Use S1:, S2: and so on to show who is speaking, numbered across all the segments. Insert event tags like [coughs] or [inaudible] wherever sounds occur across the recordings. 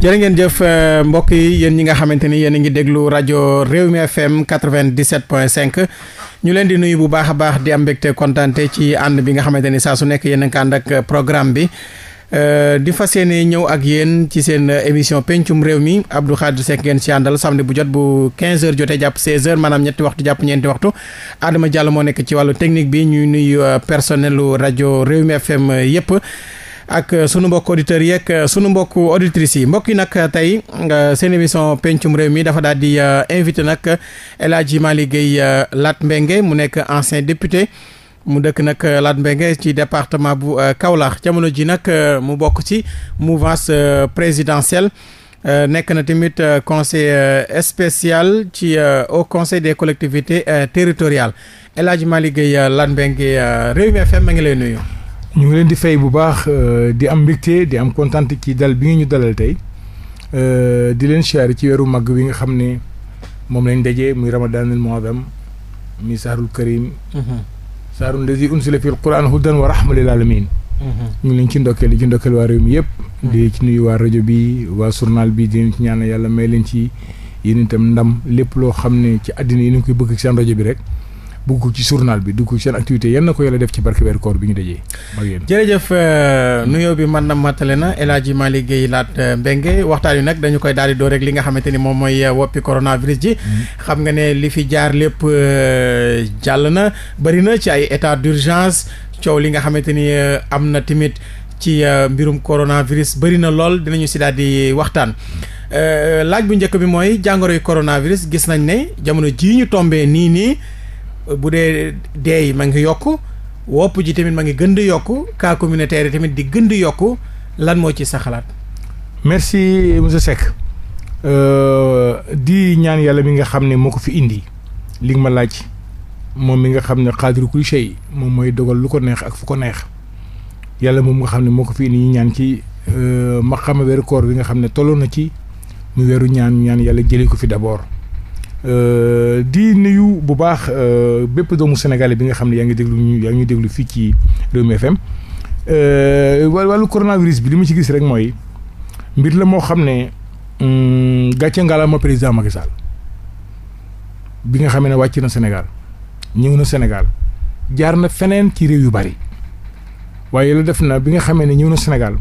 S1: jërë ngeen jëf euh, mbokk yi yéen ñi nga xamante ni yéen a ngi déglu rajo Rewmi FM 97.5 ñu leen di nuyu bu baax a baax di am mbégte kontante ci ànd bi nga xamante ni saa su nekk yéen a ngi ànd ak programme bi euh, di fas yéene ñëw ak yéen ci seen émission pencum réew mi Abdou Khadre Seck ngeen si àndal samedi bu jot bu 15h jotee jàpp 16h maanaam ñetti waxtu jàpp ñeenti waxtu Adama Diallo moo nekk ci wàllu technique bi ñuy nuyu euh, personnelu rajo Rewmi FM yépp ak euh, sunu mbokk auditeurs yeeg euh, sunu mbokk auditrices yi mbokk yi nag euh, tey seen émission pencum réew mi dafa daal di invité nag El Hadji Malick laat Lat mu nekk ancien député mu dëkk nag laat Mbengue ci département bu Kaolack jamono ji nag mu bokk ci mouvance présidentielle nekk na tamit conseil spécial ci au conseil des collectivités territoriales El Hadji Malick Gueye Lat Mbengue Rewmi FM ma ngi lay nuyu.
S2: ñu ngi leen di fay bu baax euh, di am mbégte di am kontaan ci dal bi nga ñu dalal tey euh, di leen siyaare ci weeru màgg bi nga xam ne moom lañ dajee muy ramadanul muharram mi saarul karim mhm. saarul lazi unsila fil quran hudan wa rahma lil alamin mhm. ñu ngi leen ci ndokkeel li ci ndokkeel waa réew mi yëpp mhm. di ci nuyu waa rajo bi waa journal bi di ci ñaan yàlla may leen ci yéen itam ndam lépp loo xam ne ci àddina yi ni koy bëgg ci rajo bi rek bugg ci sournal bi dugg seen activité yan na ko yàlla def ci barke weeru koor bi ñu dajee
S3: ak yéen
S1: jërëjëf euh, nuyoo bi man na matale na El Hadji Malick Guèye Laat euh, Mbengue waxtaan wi nag dañu koy daal door rek li nga xamante ni moom mooy euh, woppi coronavirus ji mm-hmm. xam nga ne li fi jaar lépp jàll na bëri na ci ay état d'urgence coow li nga xamante ni am na tamit ci mbirum coronavirus bëri na lool dinañu si daal di waxtaan laaj bu njëkk bi mooy jàngoro jàngoroy coronavirus gis nañ ne jamono jii ñu tombee nii nii bu dee dee yi ma ngi yokk wopp ji tamit ma ngi gën di yokk kaa communautaire yi tamit di gën di yokk lan moo ci sa xalaat. merci
S2: monsieur Seck euh, di ñaan yàlla mi nga xam ne moo ko fi indi li nga ma laaj moom mi nga xam ne xaadiru moom mooy dogal lu ko neex ak fu ko neex yàlla moom nga xam ne moo ko fi indi ñu ñaan ci euh, ma xam weeru koor bi nga xam ne tolloon na ci mu weeru ñaan ñaan yàlla jëlee ko fi d'abord. Euh, di nuyu bu baax euh, bépp doomu sénégalais bi nga xam ne yaa ngi déglu ñu yaa ngi déglu fii ci Rewmi FM euh, wàllu coronavirus bi li ma ci gis rek mooy mbir la moo xam ne mm, gàcce ngalaama président Macky bi nga xam ne wàcc na Sénégal ñëw na Sénégal jaar na feneen ci réew yu bari waaye la def na bi nga xamee ne ñëw na Sénégal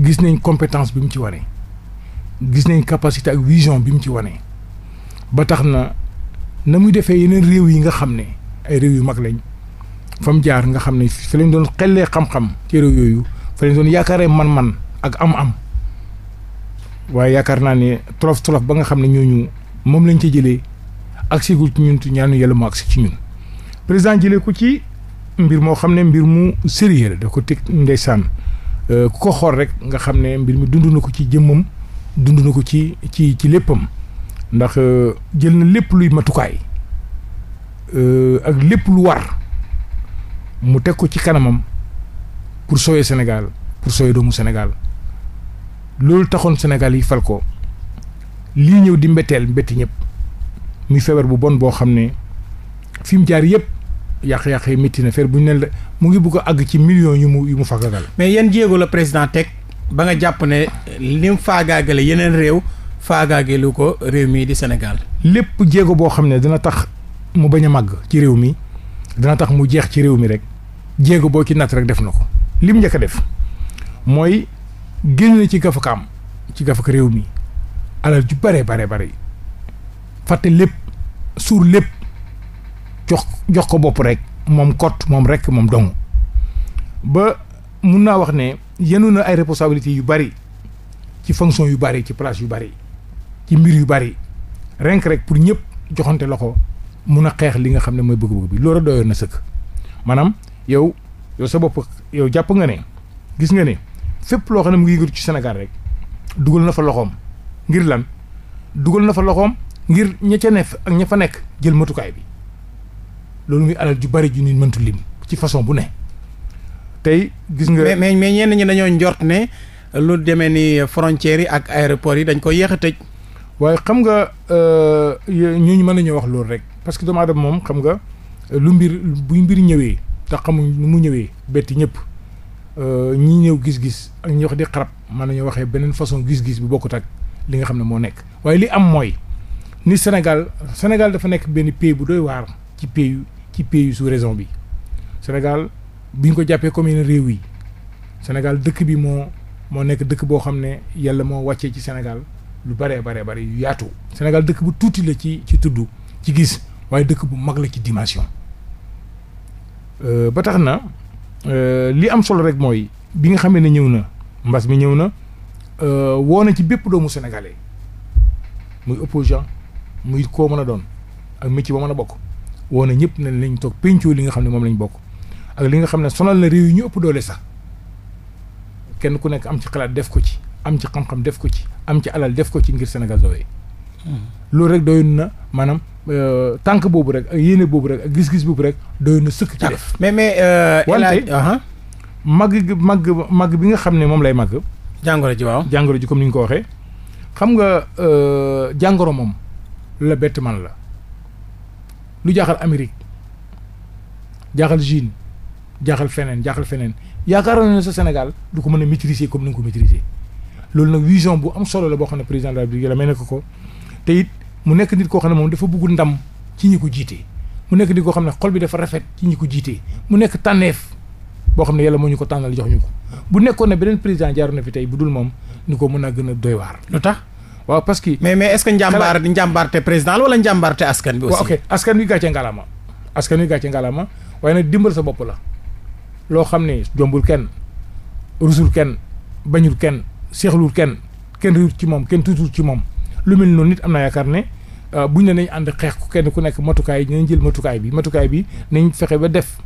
S2: gis nañ compétence bi mu ci wane gis nañ capacité ak vision bi mu ci wane ba tax na na muy defee yeneen réew yi nga xam ne ay réew yu mag lañ fa mu jaar nga xam ne fa lañ doon xellee xam-xam ci réew yooyu fa lañ doon yaakaaree man-man ak am-am waaye yaakaar naa ne tolof tolof ba nga xam ne ñooñu moom lañ ci jëlee ak sigul ci ñun ñaanu yàlla mu agsi ci ñun président jëlee ko ci mbir moo xam ne mbir mu sérieux la da ko teg ndeysaan euh, ku ko xool rek nga xam ne mbir mi dundu na ko ci jëmmam dund na ko ci ci ci léppam ndax euh, jël na lépp luy matukaay euh, ak lépp lu war mu teg ko ci kanamam pour sauver senegal pour sauver doomu Sénégal loolu taxoon senegal yi fal ko lii ñëw di mbetteel mbetti ñëpp muy feebar bu bon boo xam ne fi mu jaar yëpp yàq-yàq yi métti na fer bu ñu ne mu ngi bugg a àgg ci
S1: million yu mu yu mu faagaagal. mais yan jéego la président teg ba nga jàpp ne ni mu faagaagale yeneen réew. faagaageelu ko réew mii di senegal
S2: lépp jéego boo xam ne dina tax mu bañ a màgg ci réew mi dina tax mu jeex ci réew mi rek jéego boo ci natt rek def na ko lim njëkk a def mooy génn ci gafakaam ci gafak réew mi alal ju bare bare bare fàtte lépp suur lépp jox jox ko bopp rek moom kott moom rek moom dong ba mun naa wax ne yenu na ay responsabilités yu bari ci fonction yu bari ci place yu bari ci mbir yu bari renk rek pour ñëpp joxante loxo mun a xeex li nga xam ne mooy bugg bëgg bi loolu doyoon na sëkk maanaam yow yow sa bopp yow jàpp nga ne gis nga ne fépp loo xam ne mu ngi yëngatu ci Sénégal rek dugal na fa loxoom ngir lan dugal na fa loxoom ngir ña ca ne ak ña fa nekk jël
S1: matukaay bi loolu muy alal ju bari ju nit mëntu lim ci façon bu ne tey gis nga. mais mais ñeen ñenn ñi dañoo njort ne lu demee ni frontières yi ak aéroports yi dañ ko yéex a tëj. waaye xam nga euh, ñooñu mën nañoo wax loolu rek
S2: parce que doomu aadama moom xam nga lu mbir bu mbir ñëwee te xamuñ nu mu ñëwee betti ñëpp euh, ñi ñëw gis-gis ak ñi wax di xarab mën nañoo waxee beneen façon gis-gis bu bokkut ak li nga xam ne moo nekk waaye li am mooy ni Sénégal Sénégal dafa nekk benn pays bu doy waar ci pays ci pays yu raison bi Sénégal bi ñu ko jàppee comme yeneen réew yi Sénégal dëkk bi moo moo nekk dëkk boo xam ne yàlla moo wàccee ci Sénégal lu baree baree bari yu yaatu Sénégal dëkk bu tuuti la ci ci tudd ci gis waaye dëkk bu mag la ci dimension euh, ba tax na euh, li am solo rek mooy bi nga xamee ne ñëw na mbas mi ñëw na euh, woo na ci bépp doomu sénégalais muy opposant muy koo mën a doon ak métier ba mën a bokk woo na ñëpp ne lañ toog pencoo li nga xam ne moom lañ bokk ak li nga xam ne sonal na réew yi ñu ëpp doole sax kenn ku nekk am ci xalaat def ko ci am ci xam-xam def ko ci am ci alal def ko ci ngir Sénégal doyee loolu rek doyoon na maanaam euh, tànk boobu rek ak yéene boobu rek ak gis-gis boobu rek doyoon na sëkk ci def mais mais euh, wante màgg màgg màgg bi nga xam ne moom lay màgg jàngoro ji waaw jàngoro ji comme ni ñu ko waxee xam nga euh, jàngoro moom la bett man la lu jaaxal Amérique jaaxal Chine jaaxal feneen jaaxal feneen yaakaar yaakaaroon na sa Sénégal du ko mën a maîtriser comme ni nga ko maîtriser loolu nag vision bu am solo la boo xam ne président de la République may nekk ko te it mu nekk nit koo xam ne moom dafa bëgg ndam ci ñi ko jiite mu nekk nit koo xam ne xol bi dafa rafet ci ñi ko jiite mu nekk tànneef boo xam ne yàlla moo ñu ko tànnal jox ñu ko bu nekkoon ne beneen président jaaru na fi tey bu dul moom ni ko mën a gën a doy waar lu tax waaw parce que. mais mais est-ce que njàmbaar njàmbaarte président wala njàmbaarte askan bi. aussi ok askan wi gàcce ngalaama askan wi gàcce ngalaama waaye nag dimbal sa bopp la loo xam ne jombul kenn rusul kenn bañul kenn seexlul kenn kenn riwut ci moom kenn tuutul ci moom lu mel noonu nit am na yaakaar ne euh, buñ ne nañ ànd xeex ku kenn ku nekk matukaay nañ jël matukaay bi matukaay bi nañ fexe ba def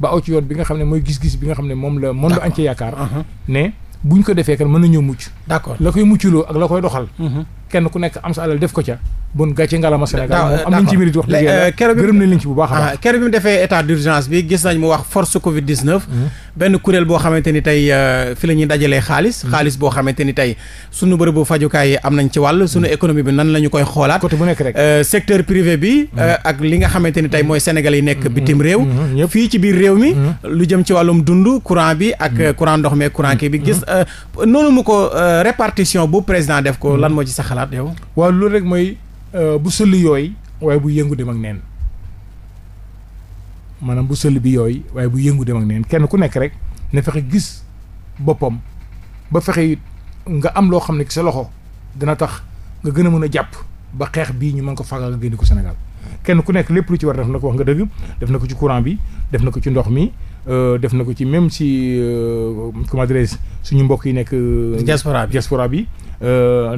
S2: ba aw ci yoon bi nga xam ne mooy gis-gis bi nga xam ne moom la monde entier yaakaar uh-huh. ne buñ ko defee kan mën na ñëw mucc d'accord la koy mucculoo ak la koy doxal mm-hmm. kenn ku nekk am sa alal def ko ca bon gàcce ngalama Sénégal am nañ euh, bu baax a baax
S1: ah, keroog bi mu defee état d'urgence bi gis nañ mu wax force covid 19 mhm. benn kuréel boo xamante ni tey euh, fi la ñuy dajalee xaalis mhm. xaalis boo xamante ni tey sunu bërëbu fajukaay yi am nañ ci wàll suñu mhm. économie bi nan la ñu koy xoolaat côté bu nekk rek euh, secteur privé bi ak li nga xamante ni tey mooy Sénégal yi nekk bitim réew fii ci biir réew mi lu jëm ci wàllum dund courant bi ak courant ndox mee courant kii bi gis noonu ko répartition bu président def ko lan moo ci sa xalaat yow.
S2: waaw rek mooy euh, bu sëlli yooy waaye bu yëngu dem ak neen maanaam bu sëlli bi yooy waaye bu yëngu dem ak neen kenn ku nekk rek na fexe gis boppam ba fexe it nga am loo xam ne sa loxo dana tax nga gën a mën a jàpp ba xeex bii ñu man ko fagal nga génne ko senegal kenn ku nekk lépp lu ci war def na ko wax nga dëgg def na ko ci courant bi def na ko ci ndox mi. Euh, def na ko ci même si euh, comment dirais-je suñu mbokk yi nekk. Euh, diaspora bi diaspora bi.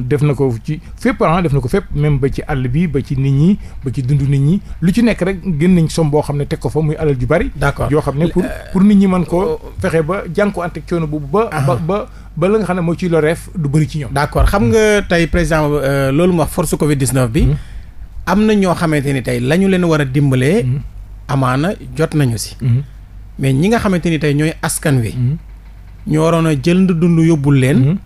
S2: def na ko ci fépp ah def na ko fépp même ba ci àll bi ba ci nit ñi ba ci dund nit ñi lu ci nekk rek gën nañ som boo xam ne teg ko fa muy alal ju bari. d'accord yoo xam ne pour nit ñi mën koo oh, oh.
S1: fexe ba jànkuwante ak coono boobu ba ah. ba. ba la nga xam ne moo ci loreef du bëri ci ñoom. d'accord xam nga tey président loolu mu force Covid 19 bi. Hmm. am na ñoo xamante ni tey lañu ñu leen war a dimbalee. Hmm. amaana jot nañu si. Hmm. mais ñi nga xamante ni tey ñooy askan wi. Mm-hmm. ñoo waroon a jël dund yóbbul leen. Mm-hmm.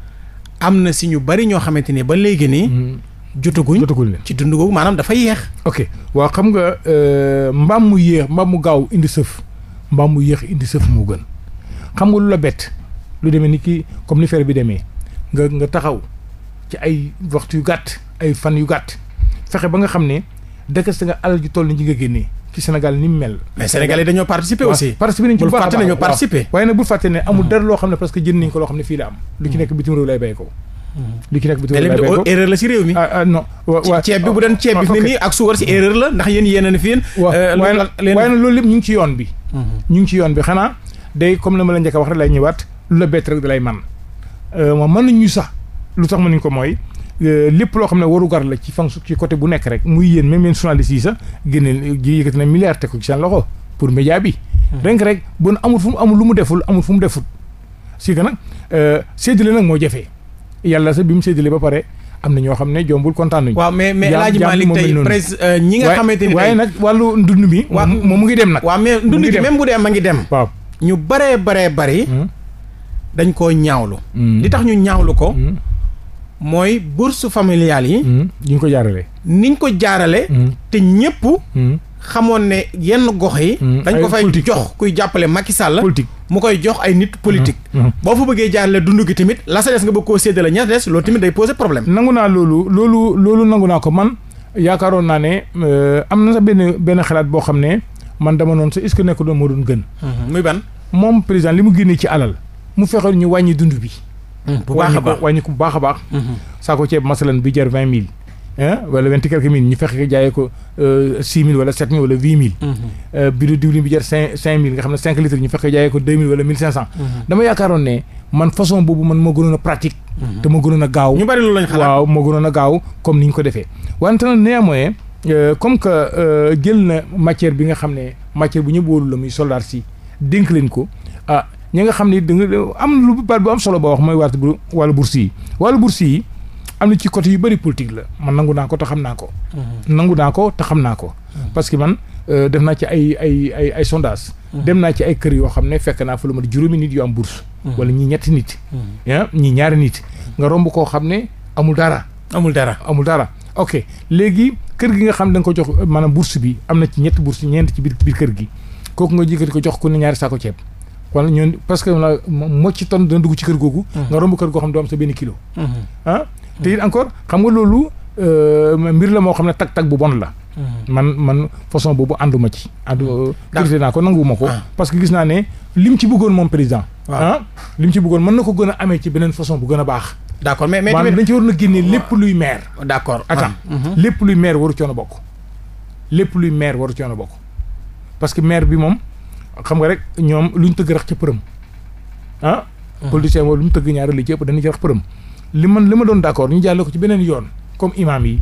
S1: am na si ñu bari ñoo xamante ni ba léegi nii. Mm-hmm. jotaguñ jotaguñ ci dund googu maanaam dafa yeex ok waaw xam nga
S2: euh, mbaam mu yéex mbaam mu gaaw indi sëf mbaam mu yéex indi sëf moo gën xam nga lu la bett lu demee ni kii comme ni fer bi demee nga nga taxaw ci ay waxtu yu gàtt ay fan yu gàtt fexe ba nga xam ne dëkk sa nga alal ju toll ni ji nga génnee. ci Sénégal ni mu mel. mais Sénégal yi dañoo participer aussi. participer nañ ci bu baax a baax waaye nag bul fàtte ne amul hmm. dara loo xam ne parce que nañ ko loo xam ne fii la am. lu ci hmm. nekk bitim réew lay bay ko.
S3: Hmm.
S1: li ki
S2: nekk bitim réew lay bay ko
S1: erreur la si réew mi. ah ah non wa ceeb bi bu doon ceeb bi ah, fi ndax yéen yéen a
S2: ne fi yéen. Euh, lépp ñu ngi ci yoon bi. ñu ngi ci yoon bi xanaa day comme na ma la njëkk a wax rek lay ñëwaat lu la bett rek da man euh, moom mën nañ ñu sax lu tax mënuñ ko mooy Euh, lépp loo xam ne warugar la ci fan ci côté bu nekk rek muy yéen même yéen journalistes yi sax génne ji yëkkati na milliard teg ko ci seen loxo pour média bi hmm. rek rek bon amul fu mu amul lu mu deful amul fu mu deful si que nag euh, séddale nag moo jafee yàlla sax bi mu séddale ba pare am na ñoo xam ne jombul kontaan nañu. waaw mais mais El Hadj Malick tey presse euh,
S1: ñi nga xamante ni tey waaye nag wàllu ndund mi. waaw moom mu ngi dem nag. waa mais ndund bi même bu dee ma ngi dem. waaw ñu baree baree bari. Hmm. dañ koo ñaawlu. Hmm. li tax ñu ñaawlu ko. mooy bourse familiale yi. ñu hmm. ko jaarale. niñ ko jaarale. Hmm. te ñëpp. Hmm. xamoon ne yenn gox yi. dañ ko fay jox kuy jàppale Macky Sall. politique mu koy jox ay nit politique. boo fu bëggee jaarale dund ki tamit la sa des nga bëgg koo séddale ña des loolu tamit day poser problème.
S2: nangu naa loolu loolu loolu nangu naa ko man yaakaaroon naa ne euh, am na sa benn benn xalaat boo xam ne man dama noonu sa est-ce que moo doon gën. muy ban moom président li mu génnee ci alal mu fexeel ñu wàññi dund bi. Hmm, bu baax a ko a hmm. ceeb masalan bi jar vingt mille wala vingt quelques euh, hmm. euh, diwlin bi jar cinq nga xam ne cinq ñu fexe jaayee ko deux mille dama yaakaaroon ne man façon boobu man moo gënoon a pratique te moo gënoon a gaaw ñu bari loolu lañ xalaat waaw gënoon a gaaw comme ni ñu ko defee wante nag néanmoins euh, comme que jël na matière bi nga xam ne matière bu ñëpp wóolu la muy soldat si dénk ko ah, ñi nga xam ni da am lu baat bu am solo boo wax mooy waat bu wàllu bourse yi wàllu bourse yi am na ci côté yu bëri politique la man nangu naa ko te xam naa ko mhm. nangu naa ko te xam naa ko mhm. parce que man euh, def naa ci ay ay ay ay sondage mhm. dem naa ci ay kër yoo xam ne fekk naa fa lu mat juróomi nit yu am bourse wala ñi ñetti nit ah ñi nit nga romb koo xam ne amul dara amul dara amul dara ok léegi kër gi nga xam da nga ko jox maanaam bourse bi am na ci ñett ñetti bourse ñeent ci biir biir kër gi kooku nga jëkkati ko jox ko ne ñaari saako ceeb wala ñun parce que mocci tonne dina dugg ci kër googu. nga romb kër goo xam ne doo am sa benn kilo. Ah? te it encore xam nga loolu euh, mbir la moo xam ne tag tag bu bon la. man man façon boobu ànduma ci. àndu critiqué naa ko nanguwuma ko. Ah. parce que gis naa ne lim ci bëggoon moom président. ah lim ci bëggoon mën na ko gën a amee ci beneen façon bu gën a baax. d' accord mais mais tamit dañ ci waroon a génne lépp luy maire. d' accord ah. mm-hmm. lépp luy maire waru coono bokk. lépp luy maire waru coono bokk parce que maire bi moom. xam nga rek ñoom luñ tëgg rax ca përëm ah hmm. politicien moom lu mu tëgg ñaari li ci ëpp dañu ci rax përëm li ma li ma doon d'accord ñu jàlle ko ci beneen yoon comme imam yi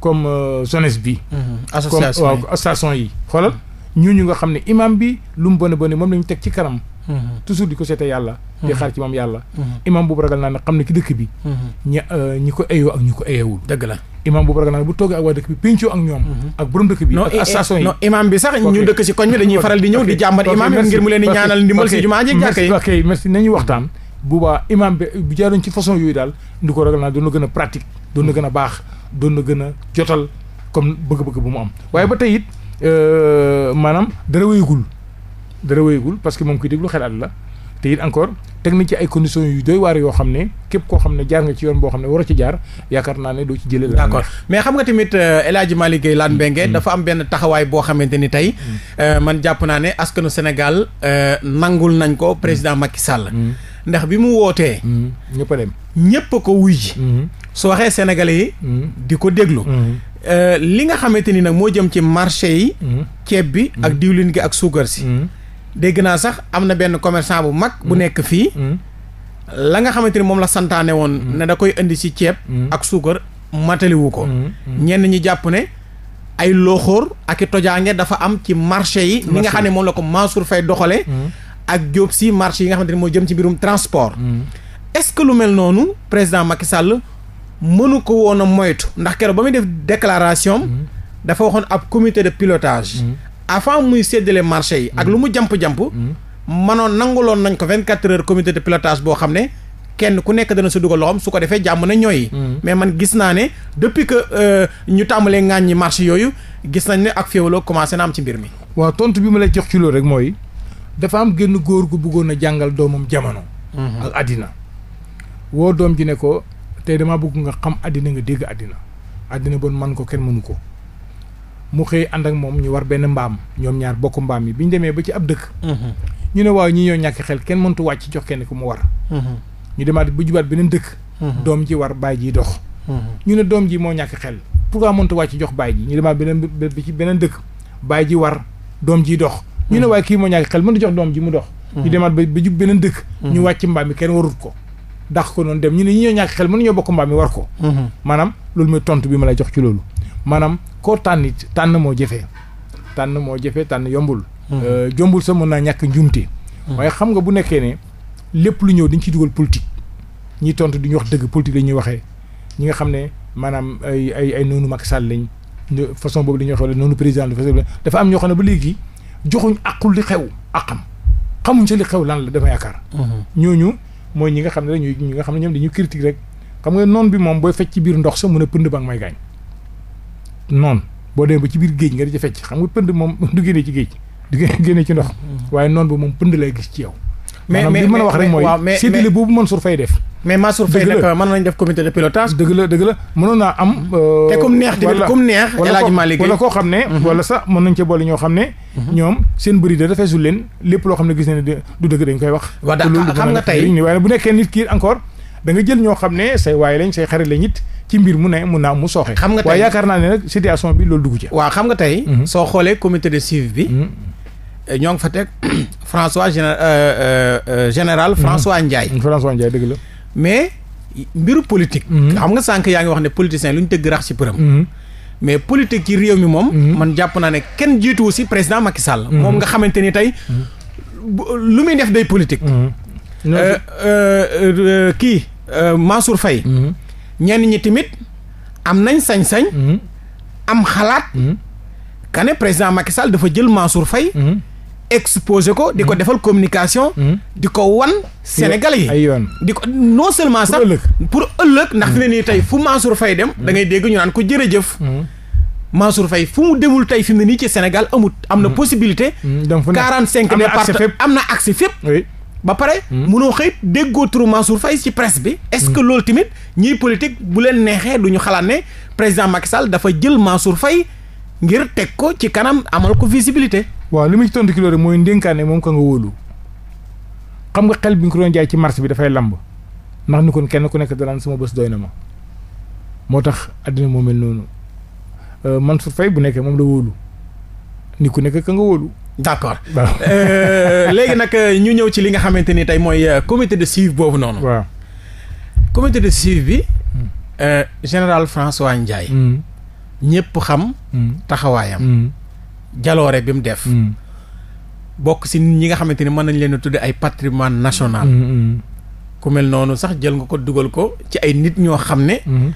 S2: comme euh, jeunesse bi hmm, comme waaw association yi xoolal ñooñu nga xam ne imam bi lu mu bon bon moom la ñu teg ci kanam. Mm-hmm. toujours di ko seete yàlla. di mm-hmm. xaar ci moom yàlla. Mm-hmm. imam boobu ragal naa ne xam ne ki dëkk bi. Euh, ñi ko ayoo ak ñi ko ayewul. dëgg la imam bi sax ñu dëkk si koñ bi dañuy faral di ñëw di jàmbat imam bi ngir mu leen di ñaanal ndimbal si jumaa ji jàkka yi. ok merci nañuy waxtaan. boobaa imam bi jaaroon ci façon yooyu daal ndi ko ragal naa doon na gën a pratique doon na gën a baax doon a ba tey it Euh, maanaam dara wéyagul dara wéyagul parce que moom koy déglu xel at la te it encore teg nañ ci ay conditions yu doy waar yoo xam ne képp koo xam ne jaar nga ci yoon boo xam ne war ci jaar
S1: yaakaar naa ne doo ci jëlee. d' accord mais xam nga tamit euh, El Hadj Malick Gueye Laan mm. Mbengue mm. dafa am benn taxawaay boo xamante ni tey. Mm. Euh, man jàpp naa ne askanu Sénégal nangul nañ ko président Macky Sall. ndax bi mu wootee. ñëpp a dem ñëpp ko wuy ji. su waxee sénégalais yi. di ko déglu. Euh, li nga xamante ni nag moo jëm ci marché yi. Mm-hmm. ceeb bi mm-hmm. ak diwlin gi ak suukar si. Mm-hmm. dégg naa sax am na benn commerçant bu mag. bu nekk fii. la nga xamante ni moom la santaane woon. ne da koy indi ci ceeb. ak suukar mataliwu ko. ñenn ñi jàpp ne ay looxoor ak tojaange dafa am ci marché yi. ni nga xam ne moom la ko Mansour Faye doxalee. ak Diop si marché yi nga xamante ni moo jëm ci mbirum transport. est-ce que lu mel noonu président Macky Sall. mënu ko woon a moytu ndax keroog ba muy def déclaration mm-hmm. dafa waxoon ab comité de pilotage mm-hmm. avant muy séddale marché yi ak lu mu mm-hmm. jamp-jamp manoon nanguloon nañ ko vingt quatre heures comité de pilotage boo xam ne kenn ku nekk dana sa dugal loxoom su ko defee jàmm na ñooy. mais man gis naa ne depuis que euh, ñu tàmbalee ŋàññi marché yooyu gis nañ ne ak féewaloo commencé na am ci mbir mi. waaw tontu bi ma lay jox ci loolu rek mooy dafa am génn góor gu buggoon a jàngal
S2: doomam jamono. ji ne ko tey dama bëgg nga xam àddina nga dégg àddina àddina bon man ko kenn mënu ko mu xëy ànd ak moom ñu war benn mbaam ñoom ñaar bokk mbaam yi bi ñu demee ba ci ab dëkk mhm. ñu ne waaw ñi ñoo ñàkk kenn mëntu wàcc jox kenn ku mu war mhm. ñu demaat bu jubaat beneen dëkk mhm. doom ji war baay ji dox ji moo ñàkk xel pourquoi mëntu wàcc jox baay ji ñu demaat beneen bi ci beneen dëkk baay ji war doom ji dox ñu ne waaye kii moo ñàkk xel mëntu jox doom ji mu dox ñu demaat ba jub beneen dëkk ñu wàcc mbaam bi kenn warut ko dàq ko noonu dem ñu ne ñi ñoo ñàkk xel mënuñoo bokk mbaam mi war ko mhm. maanaam loolu mooy tontu bi ma lay jox ci loolu maanaam koo tànn it tànn moo jëfee tànn moo jëfee tànn yombul mhm. euh, jombul sa mën naa ñàkk njuumte mhm. waaye xam nga bu nekkee ne lépp lu ñëw dañ ciy dugal politique ñiy tontu duñu wax dëgg politique la ñuy waxee ñi nga xam ne maanaam ay ay ay noonu Macky Sall lañ façon boobu dañuy wax wala noonu président dafa am ñoo xam ne ba léegi joxuñ aqul li xew aqam xamuñ sa xew lan la yaakaar mooy ñi nga xam ne dañuy ñi xam ne ñoom dañuy critique rek xam nga noon bi moom booy fecc ci biir ndox sa mën a pënd ba nga may gaañ noon boo demee ba ci biir géej nga di ci fecc xam nga pënd moom [laughs] du génnee ci géej du génnee ci ndox mm-hmm. waaye noon ba moom pënd lay gis ci yow mais mais li mën a wax rek mooy séddale boobu Mansour Faye def. mais Mansour Faye nag
S1: mën nañ def comité de pilotage. dëgg
S2: la dëgg la mënoon naa am. Mm-hmm. Euh, te comme neex tamit comme neex. El Hadj koo xam ne. Mm-hmm. wala sax mën nañ cee boole ñoo xam ne. Mm-hmm. ñoom seen bëri de leen lépp loo xam ne gis nañ du dëgg dañ koy wax. waaw daa xam nga tey waaye bu nekkee nit kii encore da nga jël ñoo xam ne say waaye lañ say xarit lañ it ci mbir mu ne mun naa mu sooxe. xam nga tey waaye yaakaar naa ne nag situation bi loolu dugg ci.
S1: waa xam nga tey. soo xoolee comité de suivi bi. ñoo ngi fa teg François géné euh, euh, euh, général mhm. François Ndiaye. Mm, François Ndiaye dëgg la. mais mbiru politique. Mhm. am nga sànq yaa ngi wax ne politicien lu ñu tëgg rax ci përëm. Mhm. mais politique ci réew mi moom. man jàpp naa ne kenn jiituwu si président Macky Sall. moom nga xamante ni tey lu muy def day politique. kii Mansour Faye. ñenn ñi tamit am nañ sañ-sañ. am xalaat. kane président Macky Sall dafa jël Mansour fay exposé ko di ko mm. defal communication mm. di ko wan sénégalais yi di ko non seulement sax pour ëllëg ndax fi ne mm. tey fu Mansour fay dem da dégg ñu ko jërëjëf Mansour Faye fu mu demul tey fi mu ne nii ci Sénégal amut am na possibilité quarante cinq départements am na accès fépp ba pare mënoo xëy déggoo turu Mansour fay ci press bi est-ce que loolu tamit ñiy politique bu leen neexee du ñu xalaat ne président Macky Sall dafa jël Mansour fay ngir teg ko ci kanam amal ko visibilité waaw li ma ci tontu ki loolu mooy ndénkaane moom ka nga wóolu xam
S2: nga xel bi nga ko doon jaay ci marché bi dafay lamb ndax ni kon kenn ku nekk danaan suma bës doy na ma moo tax àddina moo mel noonu euh, su Faye bu nekkee moom la wóolu ni ku nekk ka nga wóolu. d'accord
S1: euh, léegi nag euh, ñu ñëw ci li nga xamante ni tey mooy comité de suivi boobu noonu. waaw comité de suivi bi. Hmm. général François Ndiaye. Hmm. ñëpp xam. Hmm. taxawaay am jaloore bi mu def. Mm. bokk si ñi nga xamante ni mën nañ leen a tuddee ay patrimoine national. Mm, mm. ku mel noonu sax jël nga ko dugal ko ci ay nit ñoo xam ne. Mm-hmm.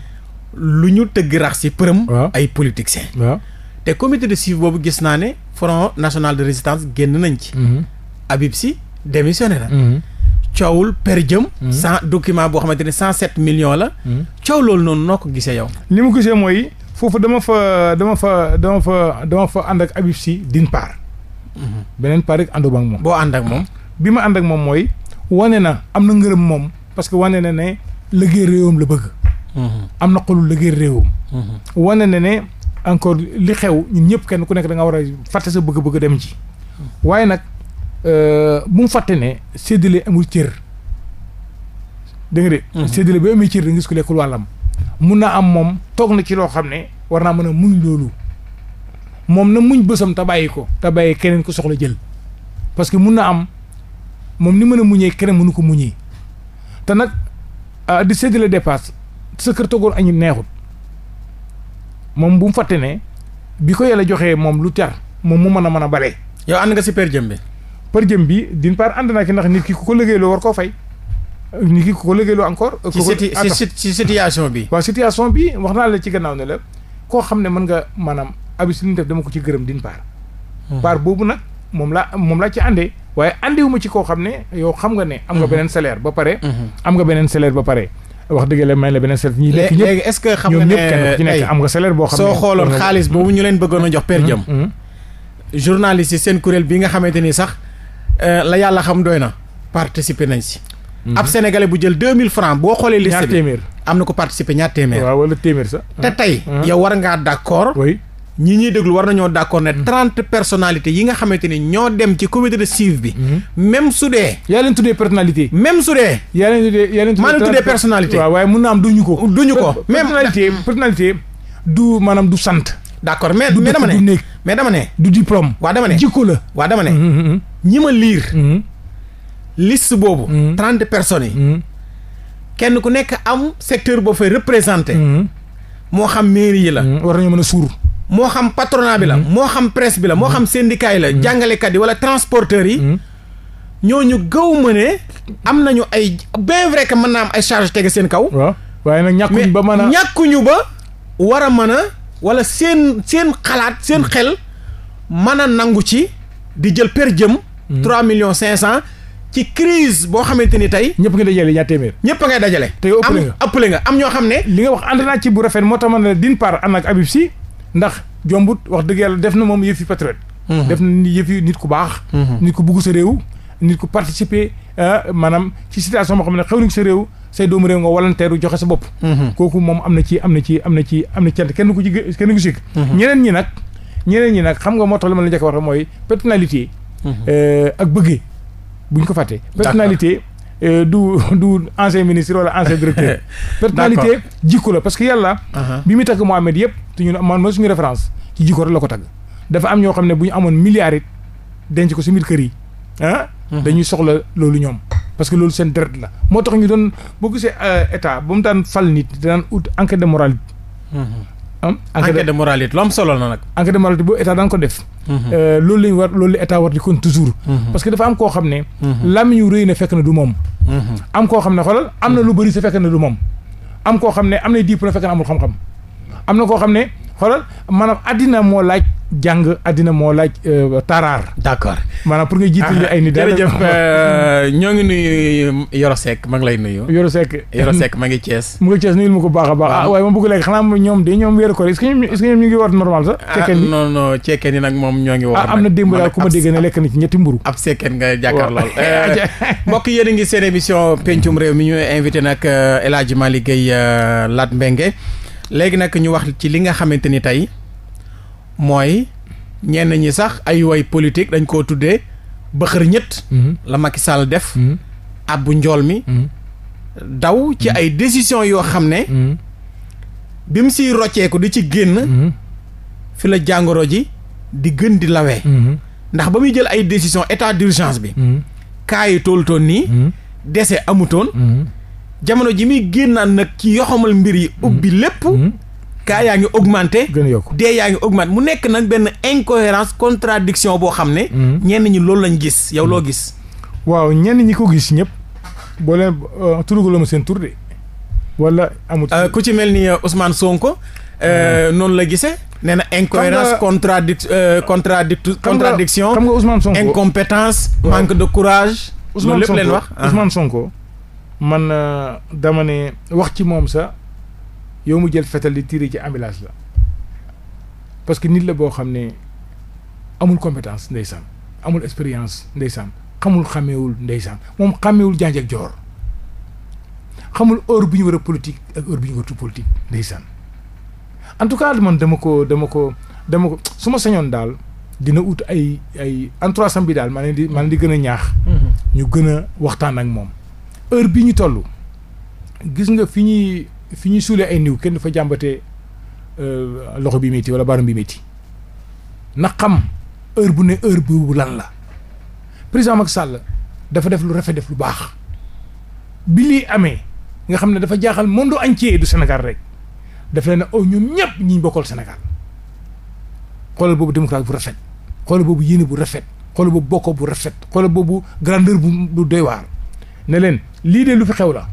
S1: lu ñu tëgg rax si përëm. ay politiciens. waaw te comité de suivi boobu gis naa ne front national de résistance génn nañ ci. Mm-hmm. Habib si démissionné na. Mm-hmm. coowul per jëm. cent document boo xamante ne cent sept millions la. coow loolu noonu noo ko gisee yow.
S2: li mu gisee mooy. foofu dama fa dama fa dama fa dama fa ànd ak Habib Sy d'une part. Mhm. beneen part rek ànduma ak moom. boo ànd ak moom. bi ma ànd ak moom mooy wane na am na ngërëm moom parce que wane na ne liggéey réewam la bëgg. Mhm. am na xolu liggéey réewam. Mhm. wane na ne encore li xew ñun ñëpp kenn ku nekk da nga war a fàtte sa bëgg-bëgg dem ci. waaye nag euh, bu mu fàtte ne séddale amul cër. dégg nga de. séddale bi amee cër da nga gis ko lekkul wàllam. mun na am moom toog na ci loo xam ne war naa mën a muñ loolu moom na muñ bësam te bàyyi ko te bàyyi keneen ku soxla jël parce que mun na am moom ni mën a muñee keneen mënu ko muñee te nag ah, di séddale dépasse sa kër toggoon añu neexut moom bu mu fàtte ne bi ko yàlla joxe moom lu tar moom mu mën a mën a bare yow ànd nga si per jëm bi per jëm bi d'une part ànd naa ci ndax nit ki ku ko liggéey loo war koo fay ñu ngi ko liggéeyloo encore. ci
S1: ci situation bi.
S2: waaw situation bi wax naa la ci gannaaw ne la koo xam ne mën nga maanaam abis li ñu def dama ko ci gërëm din paar. Hmm. paar boobu nag moom laa moom laa ci àndee. waaye àndewu ma ci koo xam ne yow xam nga ne. am nga hmm. beneen salaire ba pare. Hmm. am nga beneen salaire ba pare. wax dëgg la may la beneen salaire ñi nekk ñëpp léegi est-ce
S1: que xam nga ne ñoom ñëpp kenn ci nekk am nga salaire boo. xam ne soo xooloon xaalis boobu ñu leen bëggoon a jox per jëm. journaliste yi seen kuréel bi nga xamante ni sax euh, la yàlla xam doy na participer nañ si Mhm. ab sénégalais bu jël deux mille francs boo xoolee liste bi am na ko participer ñaar téeméer waaw wala téeméer sax te tey ah. Ah. yow war ngaa d'accord ñi ñuy déglu war nañoo d'accord ne mhm. trente personnalités yi nga xamante ne ñoo dem ci comité de suivi bi mhm. même su dee yaa leen tuddee personnalité même su dee yaa leen tuddee yaa leen tuddee maa leen tuddee personnalité
S2: waaye mun na am duñu ko duñu ko même
S1: personnalité personnalité du maanaam du sant d'accord mais mais dama ne mais dama ne du diplôme waaw dama ne jikko la waaw dama ne ñi ma liir liste boobu. Mm. trente personnes yi. Mm. kenn ku nekk am secteur boo fay représenté. Mm. moo xam mairie yi la. war nañu mën a suur. moo xam patronat bi la. moo xam presse bi la moo xam seen yi la. jàngalekat yi wala transporteurs yi. ñooñu gaw ma ne am nañu ay bien vrai que mën naa am ay charge tege seen kaw. waaw waaye nag ñàkkuñu ba mën a ñàkkuñu ba. war a mën a wala seen seen xalaat seen xel mën a nangu ci di jël per jëm. 3 millions 500. ci crise boo xamante ni tey ñëpp nga dajale ñaat téeméer ñëpp a ngay dajale te yow ëppale nga nga am ñoo xam ne li nga wax ànd naa
S2: ci bu rafet moo tax man la d'une part ndax jombut wax dëgg yàlla def na moom yëf yi patriote mhm. def na yëf yi nit ku baax mhm. nit ku bugg sa réew nit ku participer euh, maanaam ci situation boo xam ne xew nañ sa réew say doomu réew nga walanteeru joxe sa bopp mhm. kooku moom am na ci am na ci am na ci am na ci kenn ku ci kenn ku ci ñeneen ñi nag ñeneen ñi nag xam nga moo tax la ma la njëkk a wax mooy personnalité euh, ak bëggee bu ñu ko fàttee personnalité euh, du [laughs] du ancien ministre wala ancien directeur [laughs] personnalité jikko la parce que yàlla uh -huh. bi muy tagg Mohamed yëpp te ñun man mooy suñu référence ci jikko rek la ko tagg dafa am ñoo xam ne bu ñu amoon milliar it denc ko si biir kër yi ah uh-huh. dañuy soxla loolu ñoom parce que loolu seen deret la moo tax ñu doon boo gisee euh, état ba mu daan fal nit daan ut enquête de moralité
S1: uh-huh. enquête de moralité lu am solo la nag.
S2: enquête de moralité boobu état daan ko def. Mhm. Euh, loolu la war loolu la état war di kon toujours. Mhm. parce que dafa am koo xam ne. Mhm. làmmiñ yu fekk na du moom. am koo xam ne am na lu bëri sa fekk na amul xam-xam. am na koo xam ne. xoolal maanaam addina moo laaj jàng addina moo laaj euh, taraar. d'accord maanaam pour nga jiital ay nit. jërëjëf euh,
S1: ñoo ngi nuyu Yoro Seck maa lay nuyu. Yoro
S2: Seck Yoro Seck
S1: maa ngi Thiès.
S2: mu ngi Thiès nuyul ma ko baax a baax. a ah, waaye ma bëgg léegi
S1: xanaa ñoom de ñoom weeru koor est
S2: ñoom est ngi woor normal sax. Ah,
S1: ceekeen yi nag moom ñoo ngi. woor nag ah, am na démb laa ku ma dégg ne lekk na ci ñetti mburu ab ceekeen nga jàkkaarlool. [laughs] Euh, mbokk yéen a ngi seen émission pencum réew mi ñu invité nag El Hadj Malick Gueye Lat Mbengue léegi nag ñu wax ci li nga xamante ni tey mooy ñenn ñi sax ay way politique dañ koo tuddee bëxër ñett. Mhm. la Macky Sall def. Mhm. bu njool mi. Mhm. daw ci ay décision yoo xam ne. bi mu siy rocceeku di ci génn. fi la jàngoro ji di gën di lawee. ndax ba muy jël ay décision état d'urgence bi. cas yi toll toon nii. dese amutoon. jamono ji muy génnaan nag ci yoxamal mbir yi mhm. ubbi lépp mhm. kaa yaa ngi augmenté gën yokk dee yaa ngi augmenté mu nekk nag benn incohérence contradiction boo xam ne mhm. ñenn ñi loolu lañ gis yow loo gis waaw ñenn ñi ko gis ñëpp
S2: boo leen euh, turugala ma seen tur de wala
S1: amut euh, ku ci mel ni euh, Ousmane Sonko noonu la gisee nee na incohérence contradic contradiction xam nga Ousmane Sonko incompétence manque de courage loolu lépp leen wax ah. Ousmane Sonko
S2: man euh, dama ne wax ci moom sax yow mu jël fetal di tiire ci ambulance la parce que nit la boo xam ne amul compétence ndeysaan amul expérience ndeysaan xamul xàmmeewul ndeysaan moom xàmmeewul janj joor xamul heure bi ñu war a politique ak heure bi ñu wartu politique ndeysaan en tout cas man dama ko dama ko dama ko su ma sañoon daal dina wut ay ay entroisam bi daal maa leen di man leen di gën a ñaax mhm. ñu gën a waxtaan ak moom heure bi ñu toll gis nga fi ñuy fi ñuy suulee ay niw kenn dafa jàmbatee euh, loxo bi métti wala baaram bi métti na xam heure bu ne heure bu lan la président Macky Sall dafa def lu rafet def lu baax bi lii amee nga xam ne dafa jaaxal monde entier du senegal rek daf leen ne oh ñoom ñëpp ñi ñu bokkal Sénégal xoolal boobu démocratie bu rafet xoolal boobu yéene bu rafet xoolal boobu bokkoo bu rafet xoolal boobu grandeur bu doy waar ne leen. lii de lu fi xew la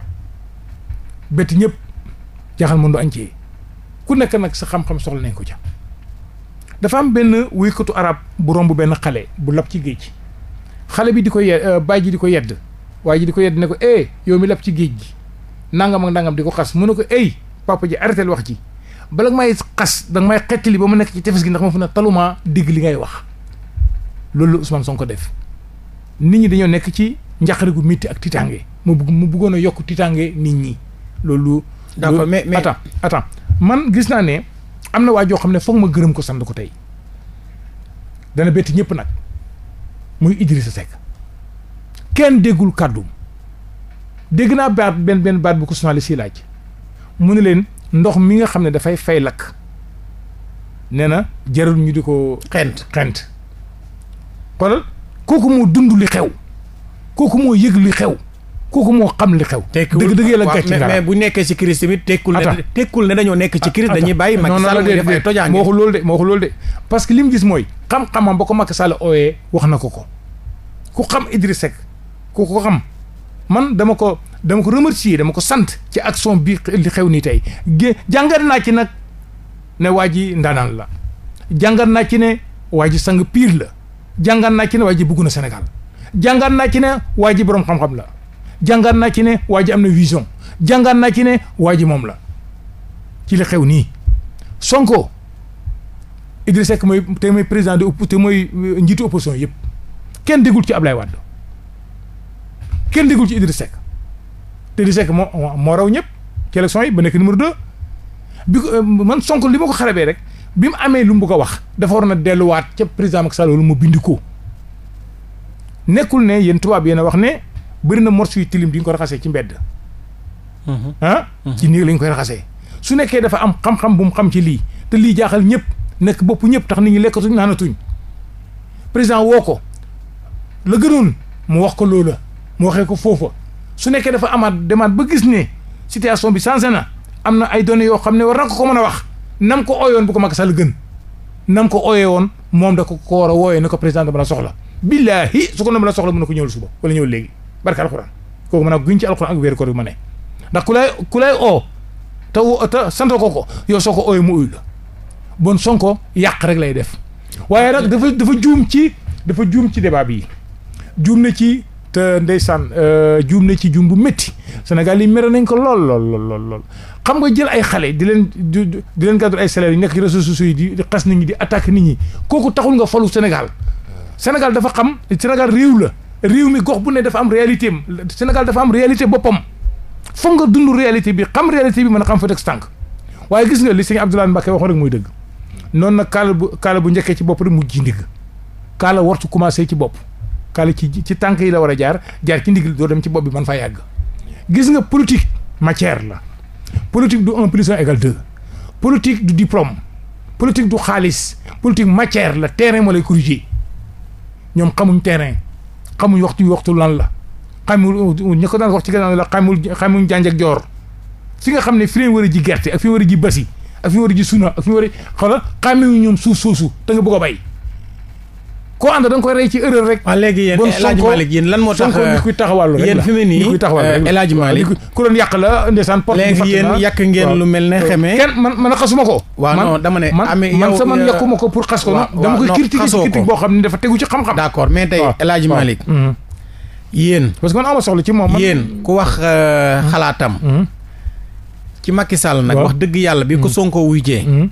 S2: bett ñépp jaaxal mën du añcee ku nekk nag sa xam-xam soxla nañ ko ca dafa am benn wuykatu arab bu romb benn xale bu lapp ci géej xale bi di ko ye euh, baay ji di ko yedd waaye ji di ko yedd ne ko eh yow mi lab ci géej gi nangam ak di ko xas mu ne ko ey eh, papa ji arrêté wax ji bala nga xas danga may xettali ba mu nekk ci tefes gi ndax ma fu ne taluma digg li ngay wax loolu la Ousmane ko def nit ñi dañoo nekk ci njaqare gu métti ak tiitaange mu mu bëggoon a yokk tiitaange nit ñi loolu. d'accord mais mais attends man gis naa ne am na waa joo xam ne foog ma gërëm ko sant ko tey dana bett ñëpp nag muy Idrissa Seck kenn déggul kàddu dégg naa baat benn benn baat bu ko journaliste yi laaj mu ne leen ndox mi nga xam ne dafay fay lakk ne na jarul ñu di ko. xent xent. xoolal kooku moo dund li xew kooku moo yëg li xew. kooku moo xam li xew. dëgg dëgg la gàcce nga mais
S1: bu nekkee ci crise tamit tekkul ne
S2: tekkul ne dañoo nekk ci crise dañuy bàyyi Macky Sall def ay tojaange moo waxul de moo waxul de parce que gis mooy xam-xamam ba ko Macky Sall ooyee wax na ko ko ku xam Idriss Seck ku ko xam man dama ko dama ko dama ko sant ci action biir li xew nii tey gé jàngat naa ci nag ne waa ji ndaanaan la jàngat naa ci ne waa ji sang pire la jàngat naa ci ne waa ji bëgg na Sénégal jàngat naa ci ne waa ji borom xam la jàngat naa ci ne waaj am na vision jàngat naa ci ne waa ji moom la ci li xew nii Sonko Idrissa Seck mooy te mooy président de te mooy euh, njiitu opposition yëpp kenn déggul ci Ablaye Wade kenn déggul ci Idrissa Seck moo moo raw ñëpp ci élection yi ba nekk numéro deux bi ko euh, man Sonko li ma ko xarabee rek bi mu amee lu mu bëgg a wax dafa na delluwaat ca président Macky Sall lu mu bind ko nekkul ne yéen tubaab yéen a wax ne bëri na morceau yu tilim di ñu ko raxasee ci mbedd. Mhm. ah. Mhm. ci néeg lañ koy raxasee. su nekkee dafa am xam-xam bu mu xam ci lii te lii jaaxal ñëpp nekk boppu ñëpp tax nit ñi lekkatuñ naanatuñ président woo ko la gënoon mu wax ko loola mu waxee ko foofa su nekkee dafa amaat demaat ba gis ne situation bi changé na am na ay données yoo xam ne war na ko ko mën a wax nam ko ooyoon bu ko Macky Sall gën nam ko ooyee woon moom da ko ko war a wooyee ko président dama la soxla billaahi su ko dama la soxla mën na ko ñëwal suba wala ñëwal léegi. barke alxuraan kooku mën a guñ ci alxuraan ak wéeru koor bi ma ne ndax ku lay oo te te sant ko ko yow soo ko ooyee mu uyu bon sonko yàq rek lay def waaye nag dafa dafa juum ci dafa juum ci débat yi juum na ci te ndeysaan euh, juum na ci juum bu métti senegal yi mere nañ ko lool lool lool lool xam nga jël ay xale di leen di leen gàddul ay salaire yu nekk ci réseaux sociaux di xas nit ñi di attaque nit ñi kooku taxul nga falu senegal Sénégal dafa xam Sénégal réew la réew mi gox bu ne dafa am réalité am Sénégal dafa am réalité boppam foog nga dund réalité bi xam réalité bi mën a xam fa teg tànk waaye gis nga li sëñ Abdoulaye Mbacke waxoon rek muy dëgg noonu nag kaala bu kaala bu njëkkee ci bopp rek mu ji ndigg kaala wartu commencé ci bopp kaala ci ci tànk yi la war a jaar jaar ci ndigg doo dem ci bopp bi man faa yàgg gis nga politique matière la politique du un plus en égal deux politique du diplôme politique du xaalis politique matière la terrain moo lay corriger ñoom xamuñ terrain xamuñ waxtu waxtu lan la xamul ña ko daan wax ci gànnaaw la xamul xamuñ jànj ak joor fi nga xam ne fi leen war a ji gerte ak fi war a ji basi ak fi war a ji suna ak fi war a xoolal wu ñoom suuf soosu te nga bëgg a bay koo ànd da nga koy rey ci erreur rek. waaw léegi yéen El Hadj moo tax Sonko li euh, kuy taxawal rek la yéen fi mu nii ku doon yàq la ndeysaan porte léegi ngeen lu mel ne xamee kenn
S1: man man xasuma ko waaw non dama ne amee man sama yàquma euh, ko
S2: pour xas ko dama koy critiquer critique
S1: boo xam ne dafa tegu ci xam-xam d'accord mais tey El Hadj Malick mm-hmm. yéen parce que man ama soxla ci moom yéen ku wax euh, mm-hmm. xalaatam mm-hmm. ci Macky Sall nag wax dëgg yàlla bi ko Sonko wujjee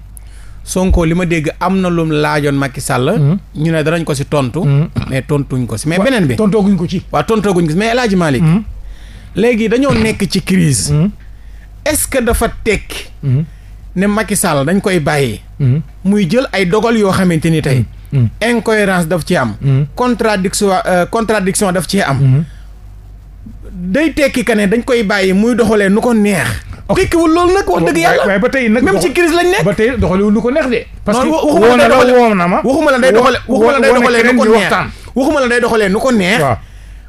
S1: Sonko li ma dégg am na lum laajoon Macky Sall. Hmm. ñu ne danañ ko si tontu. Hmm. mais tontuñ ko si mais beneen bi. tontooguñ ko ci. waaw tontooguñ ko si mais El Hadj hmm. léegi dañoo nekk ci crise est-ce que dafa tekki. ne Macky Sall dañ koy bàyyi. muy jël ay dogal yoo xamante ni tey. incohérence daf ci am. contradiction euh, contradiction daf ci am. day tekki que ne dañ koy bàyyi muy doxalee nu ko neex. tekkiwul loolu nag wax dëgg yàlla waaye ba tey nag même ci crise lañ nekk ba tey ko neex de parce ma waxuma la day doxale waxuma la day doxalee nu ko neex waxuma la day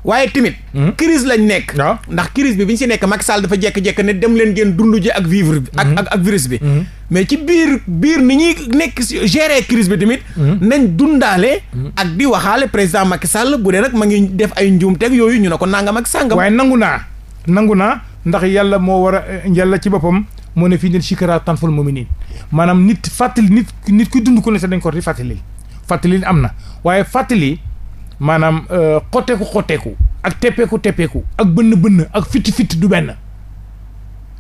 S1: waaye tamit hmm? crise lañ nekk ndax crise bi bi ñu si nekk Macky Sall dafa jekk-jekk ne dem leen geen dund ji ak vivre bi ak hmm? ak virus bi hmm? mais ci biir biir ni ñuy nekk gérer crise bi tamit nañ dundaale ak di waxaale président Macky Sall bu dee nag ma ngi def ay njuumteeg yooyu ñu ne ko nangam ak sàngam waaye
S2: naa nangu naa ndax yàlla moo war a yàlla ci boppam moo ne fii ne sikara mi nii maanaam nit fàttali nit nit ku dund ku ne sa dañ ko di fàttali fàttali am na waaye fàttali maanaam euh, xotteeku xotteeku ak teppeeku teppeeku ak bënn bënn ak fitti fitti du benn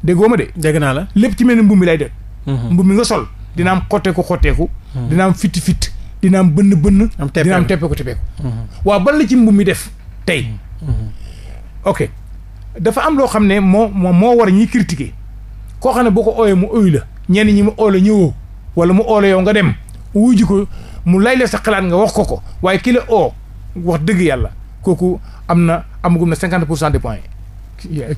S2: déggoo ma de. naa la lépp ci mel ni mbubb mi lay def. Mhm. mbubb mi nga sol dina am xotteeku xotteeku. Mhm. dina am fitti fitti dina am bënn bënn. am teppeeku dina teppeeku teppeeku. Mhm. waaw la ci mbubb mi def tey. dafa am loo xam ne moo moo war a ñuy critiquer koo xam ne boo ko ooyee mu oyu la ñenn ñi mu oo la ñëwoo wala mu oo la yow nga dem wuuji ko mu lay la sa xalaat nga wax ko ko waaye ki oo wax dëgg yàlla kooku am na amagum na cinquante pour cent des points.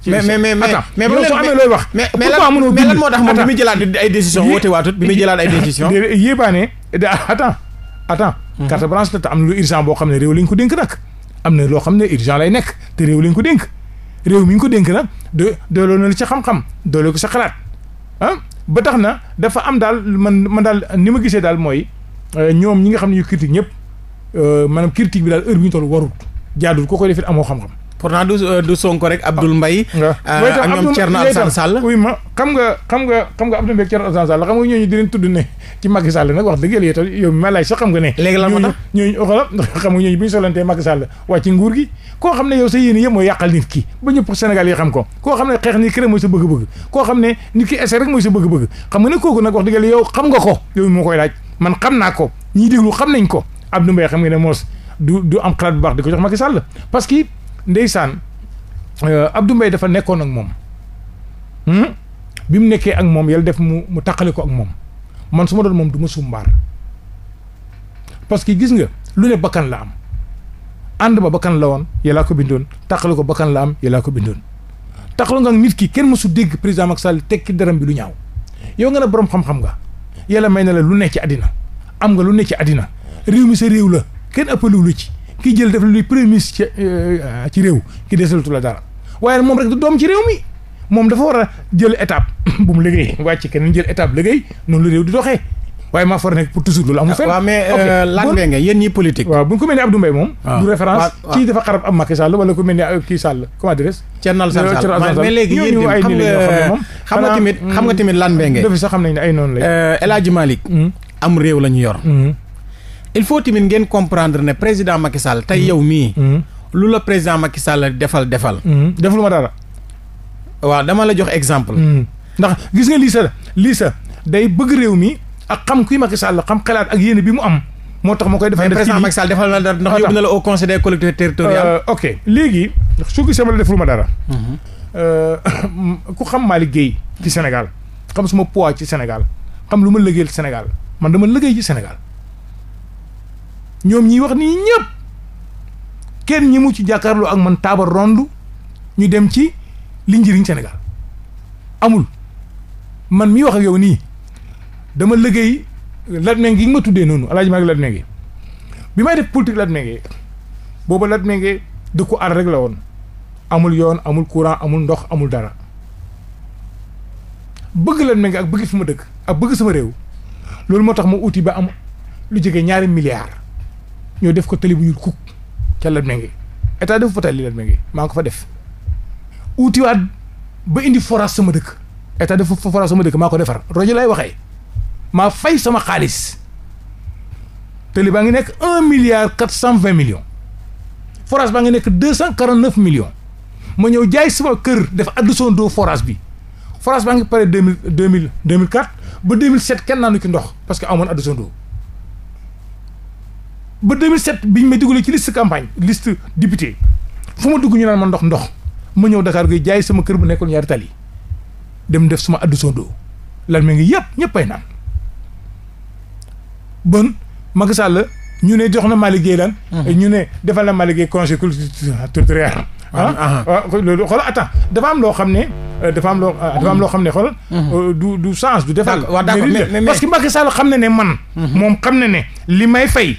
S3: mais mais mais mais bu moo tax moom bi muy jëlaat ay décision woote waatut bi muy jëlaat ay décision [laughs]
S2: yéebaane attends attends mhm. carte blanche la te am lu boo xam ne réew lañ ko dénk nag am na loo xam ne urgent lay nekk te réew lañ ko dénk réew mi ñu ko dénk na de dooloo na la ci xam-xam dooloo ko sa xalaat ah ba tax na dafa am daal man man daal ni ma gisee daal mooy euh, ñoom ñi nga xam ne ñu critique ñëpp euh, maanaam critique bi daal heure bi ñu toll warut jaadul ko koy defit amoo xam-xam
S1: pourtant du euh, du Sonko rek Abdoul Mbaye ah. euh, ak ñoom Thierno Alassane
S2: Sall oui ma xam nga xam nga xam nga Abdoul Mbaye Thierno Alassane Sall xam nga ñooñu di leen tudd ne ci Macky Sall nag wax dëgg yàlla yow yow ma laaj sax xam nga ne léegi lan moo tax ñooñu oxala oh, xam nga ñooñu bu ñu solantee Macky Sall wàcc nguur gi koo xam ne yow sa yéene yëpp mooy yàqal nit ki ba ñëpp Sénégal yi xam ko koo xam ne xeex nit ki rek mooy sa bëgg-bëgg koo xam ne nit ki ese rek mooy sa bëgg-bëgg xam nga ne kooku nag wax dëgg yàlla yow xam nga ko yow moo koy laaj man xam naa ko ñiy déglu xam nañ ko Abdoul Mbaye xam nga ne moos du du am xalaat bu baax di ko jox Macky Sall parce que ndeysaan euh, Abdou mbay dafa nekkoon ak moom hmm? bi mu nekkee ak moom yàlla def mu mu taqale ko ak moom man su ma doon moom du ma sumbaar parce que gis nga lu ne bakkan la am ànd ba bakkan la woon yàllaa ko bindoon taqale ko bakkan la am yàllaa ko bindoon taqale nga ak nit ki kenn mësu dégg président Macky Sall tekki dërëm bi lu ñaaw yow nga ne borom xam-xam nga yàlla may na la lu nekk ci àddina am nga lu ne ci àddina réew mi sa réew la kenn ëppaliwu lu ci kii jël def la luy premier ministre euh, ci réew ki desalatu la dara waaye moom rek du doom ci réew mi moom dafa war a jël étape [coughs] bu mu liggéey wàcc keneen jël étape liggéey noonu la réew di doxee waaye maa far nekk pour toujours loolu amul ah, fenn. waaw mais euh, làngee nga yéen ñi politique. ko mel ni moom. Ah. du référence kii ah, dafa xarab am Macky Sall wala ku mel ni euh, kii Sall comment dirais je. Thierno Sall [laughs] xam nga xam tamit
S1: xam nga mm. nga. defi xam nañ ne ay noonu la. El Hadj Malick. Mm. am réew la ñu yor. Mm. il faut tamit ngeen comprendre ne président Macky Sall tey mm. yow mii. Mm. lu la président Macky Sall defal def mm. lu ma dara. waaw dama la jox exemple. ndax gis nga lii sa lii
S2: day bëgg réew mii ak xam kuy Macky Sall xam xalaat ak yéene bi mu am. moo tax ma koy defal président Macky Sall
S1: defal na dara ndax yóbbu na la au conseil des collectivités euh, ok
S2: léegi su gisee ma la deful ma dara. Mm-hmm. Euh, [coughs] ku xam Malick Guèye ci Sénégal xam suma poids ci Sénégal xam lu ma liggéeyal ci Sénégal man dama liggéey ci Sénégal. ñoom ñiy wax nii ñëpp kenn ñi mu ci jàkkaarloo ak man taabar rond ñu dem ci li njëriñ Sénégal amul man mi wax ak yow nii dama liggéey Latmingué gi nga ma tuddee noonu El Hadj Malick Latmingué bi may def politique Latmingué booba Latmingué dëkku àll rek la woon amul yoon amul courant amul ndox amul dara bëgg Latmingué ak bëgg fi ma dëkk ak bëgg sama réew loolu moo tax ma uti ba am lu jege ñaari milliards. ñoo def ko tali bu ñuul kuk ca Lat Mingué état def fa tali Lat Mingué maa ko fa def uutiwaat ba indi forage sama dëkk état def fa forage sama dëkk maa ko defar rojo laay waxee maa fay sama xaalis tali baa ngi nekk un milliard quatre cent vingt millions forage baa ngi nekk deux cent quarante neuf millions ma ñëw jaay sama kër def adduction d'eau forage bi forage baa ngi pare deux mille deux mille deux ba kenn naanu ci ndox parce que amoon adduction ba 2007 biñ may dugalee ci liste campagne list député fu ma dugg ñu naan ma ndox ndox ma ñëw Dakar guy jaay sama kër bu nekkoon ñaari tali dem def suma addu sondoo lan mi ngi yëpp ñëppay naan bon Macky Sall ñu ne jox na Malick Guèye lan. ñu ne defal na Malick Guèye conseil culturel. Ah ah, ah ah loolu xoolal attends dafa am loo xam ne euh, dafa am loo ah, loo xam ne xoolal. Euh, du du change du defal. parce que Macky Sall xam na ne man. moom xam na ne li may fay.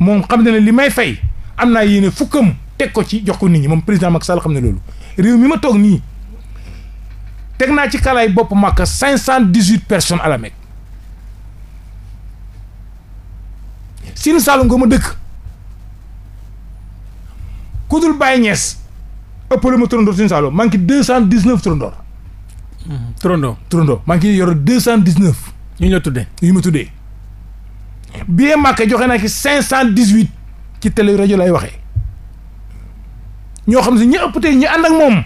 S2: moom xam na ne li may fay am naa yéene fukkam teg ko ci jox ko nit ñi moom président Macky Sall xam ne loolu réew mi ma toog nii teg naa ci kalaay bopp Makka cinq cent dix-huit personnes à la Mecque Sine Saalum nga ma dëkk ku dul Baye Niass ëppale ma Trondoor Sine Saalum maa ngi deux cent dix-neuf Trondoor. Trondoor Trondoor maa ngi yor deux cent dix-neuf. ñu ñu la ma tuddee. billet Màkka joxe naa ci cent dix huit ci télé rajo lay waxee ñoo xam ne ñu ëpp tey ñu ànd ak moom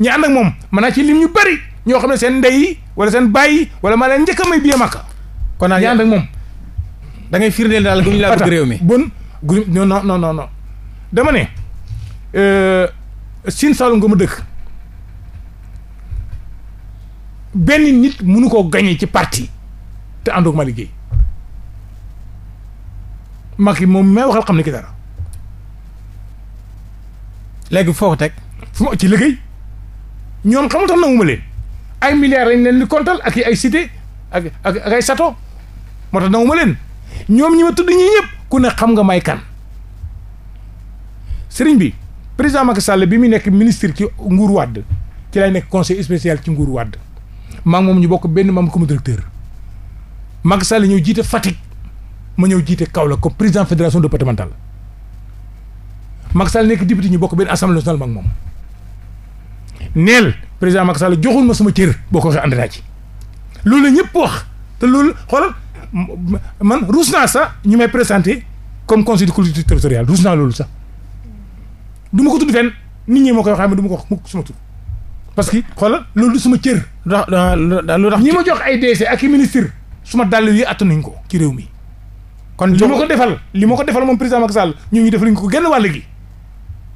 S2: ñu ànd moom mën naa ci lim ñu bari ñoo xam ne seen ndey wala seen bàyyi wala maa leen njëkk a may billet Màkka. kon naa ñu ànd ak moom. dangay ngay firndeel daal guñ laa bëgg réew mi bon gu non non non non dama ne euh, Sine Saalum nga ma dëkk benn nit mënu koo gañe ci parti te àndoog ma liggéey. Macky moom may waxal xam ne ki dara léegi foo teg fu ma ci liggéey ñoom xamul tax nangu ma leen ay milliards lañ leen di kontal ak ay cité ak ak ay sato moo tax nangu ma leen ñoom ñi ma tudd ñi ñëpp ku ne xam nga may kan sëriñ bi président Macky Sall bi muy nekk ministre ci nguur Wade ci lay nekk conseil spécial ci nguur Wade maa moom ñu bokk benn maam comme directeur Macky Sall ñëw jiite Fatick ma ñëw jiite Kaolack comme président fédération départementale Macky Sall nekk député ñu bokk benn assemblée nationale ma ak moom neel président Macky Sall joxul ma sama cër boo ko waxee ànd naa ci loolu la ñëpp wax te loolu xoolal man ruus naa sax ñu may présenté comme conseil de collectivité territoriale ruus naa loolu sax du ma ko tudd fenn nit ñi moo koy waxee du ma ko wax mu suma tudd parce que xoolal loolu du suma cër. lu tax ñi ma jox ay DC ak i ministre suma dàll yi attanuñ ko ci réew mi. kon li ma ko defal li ma ko defal moom président Macky Sall ñoo ñu def li ko genn wàll gi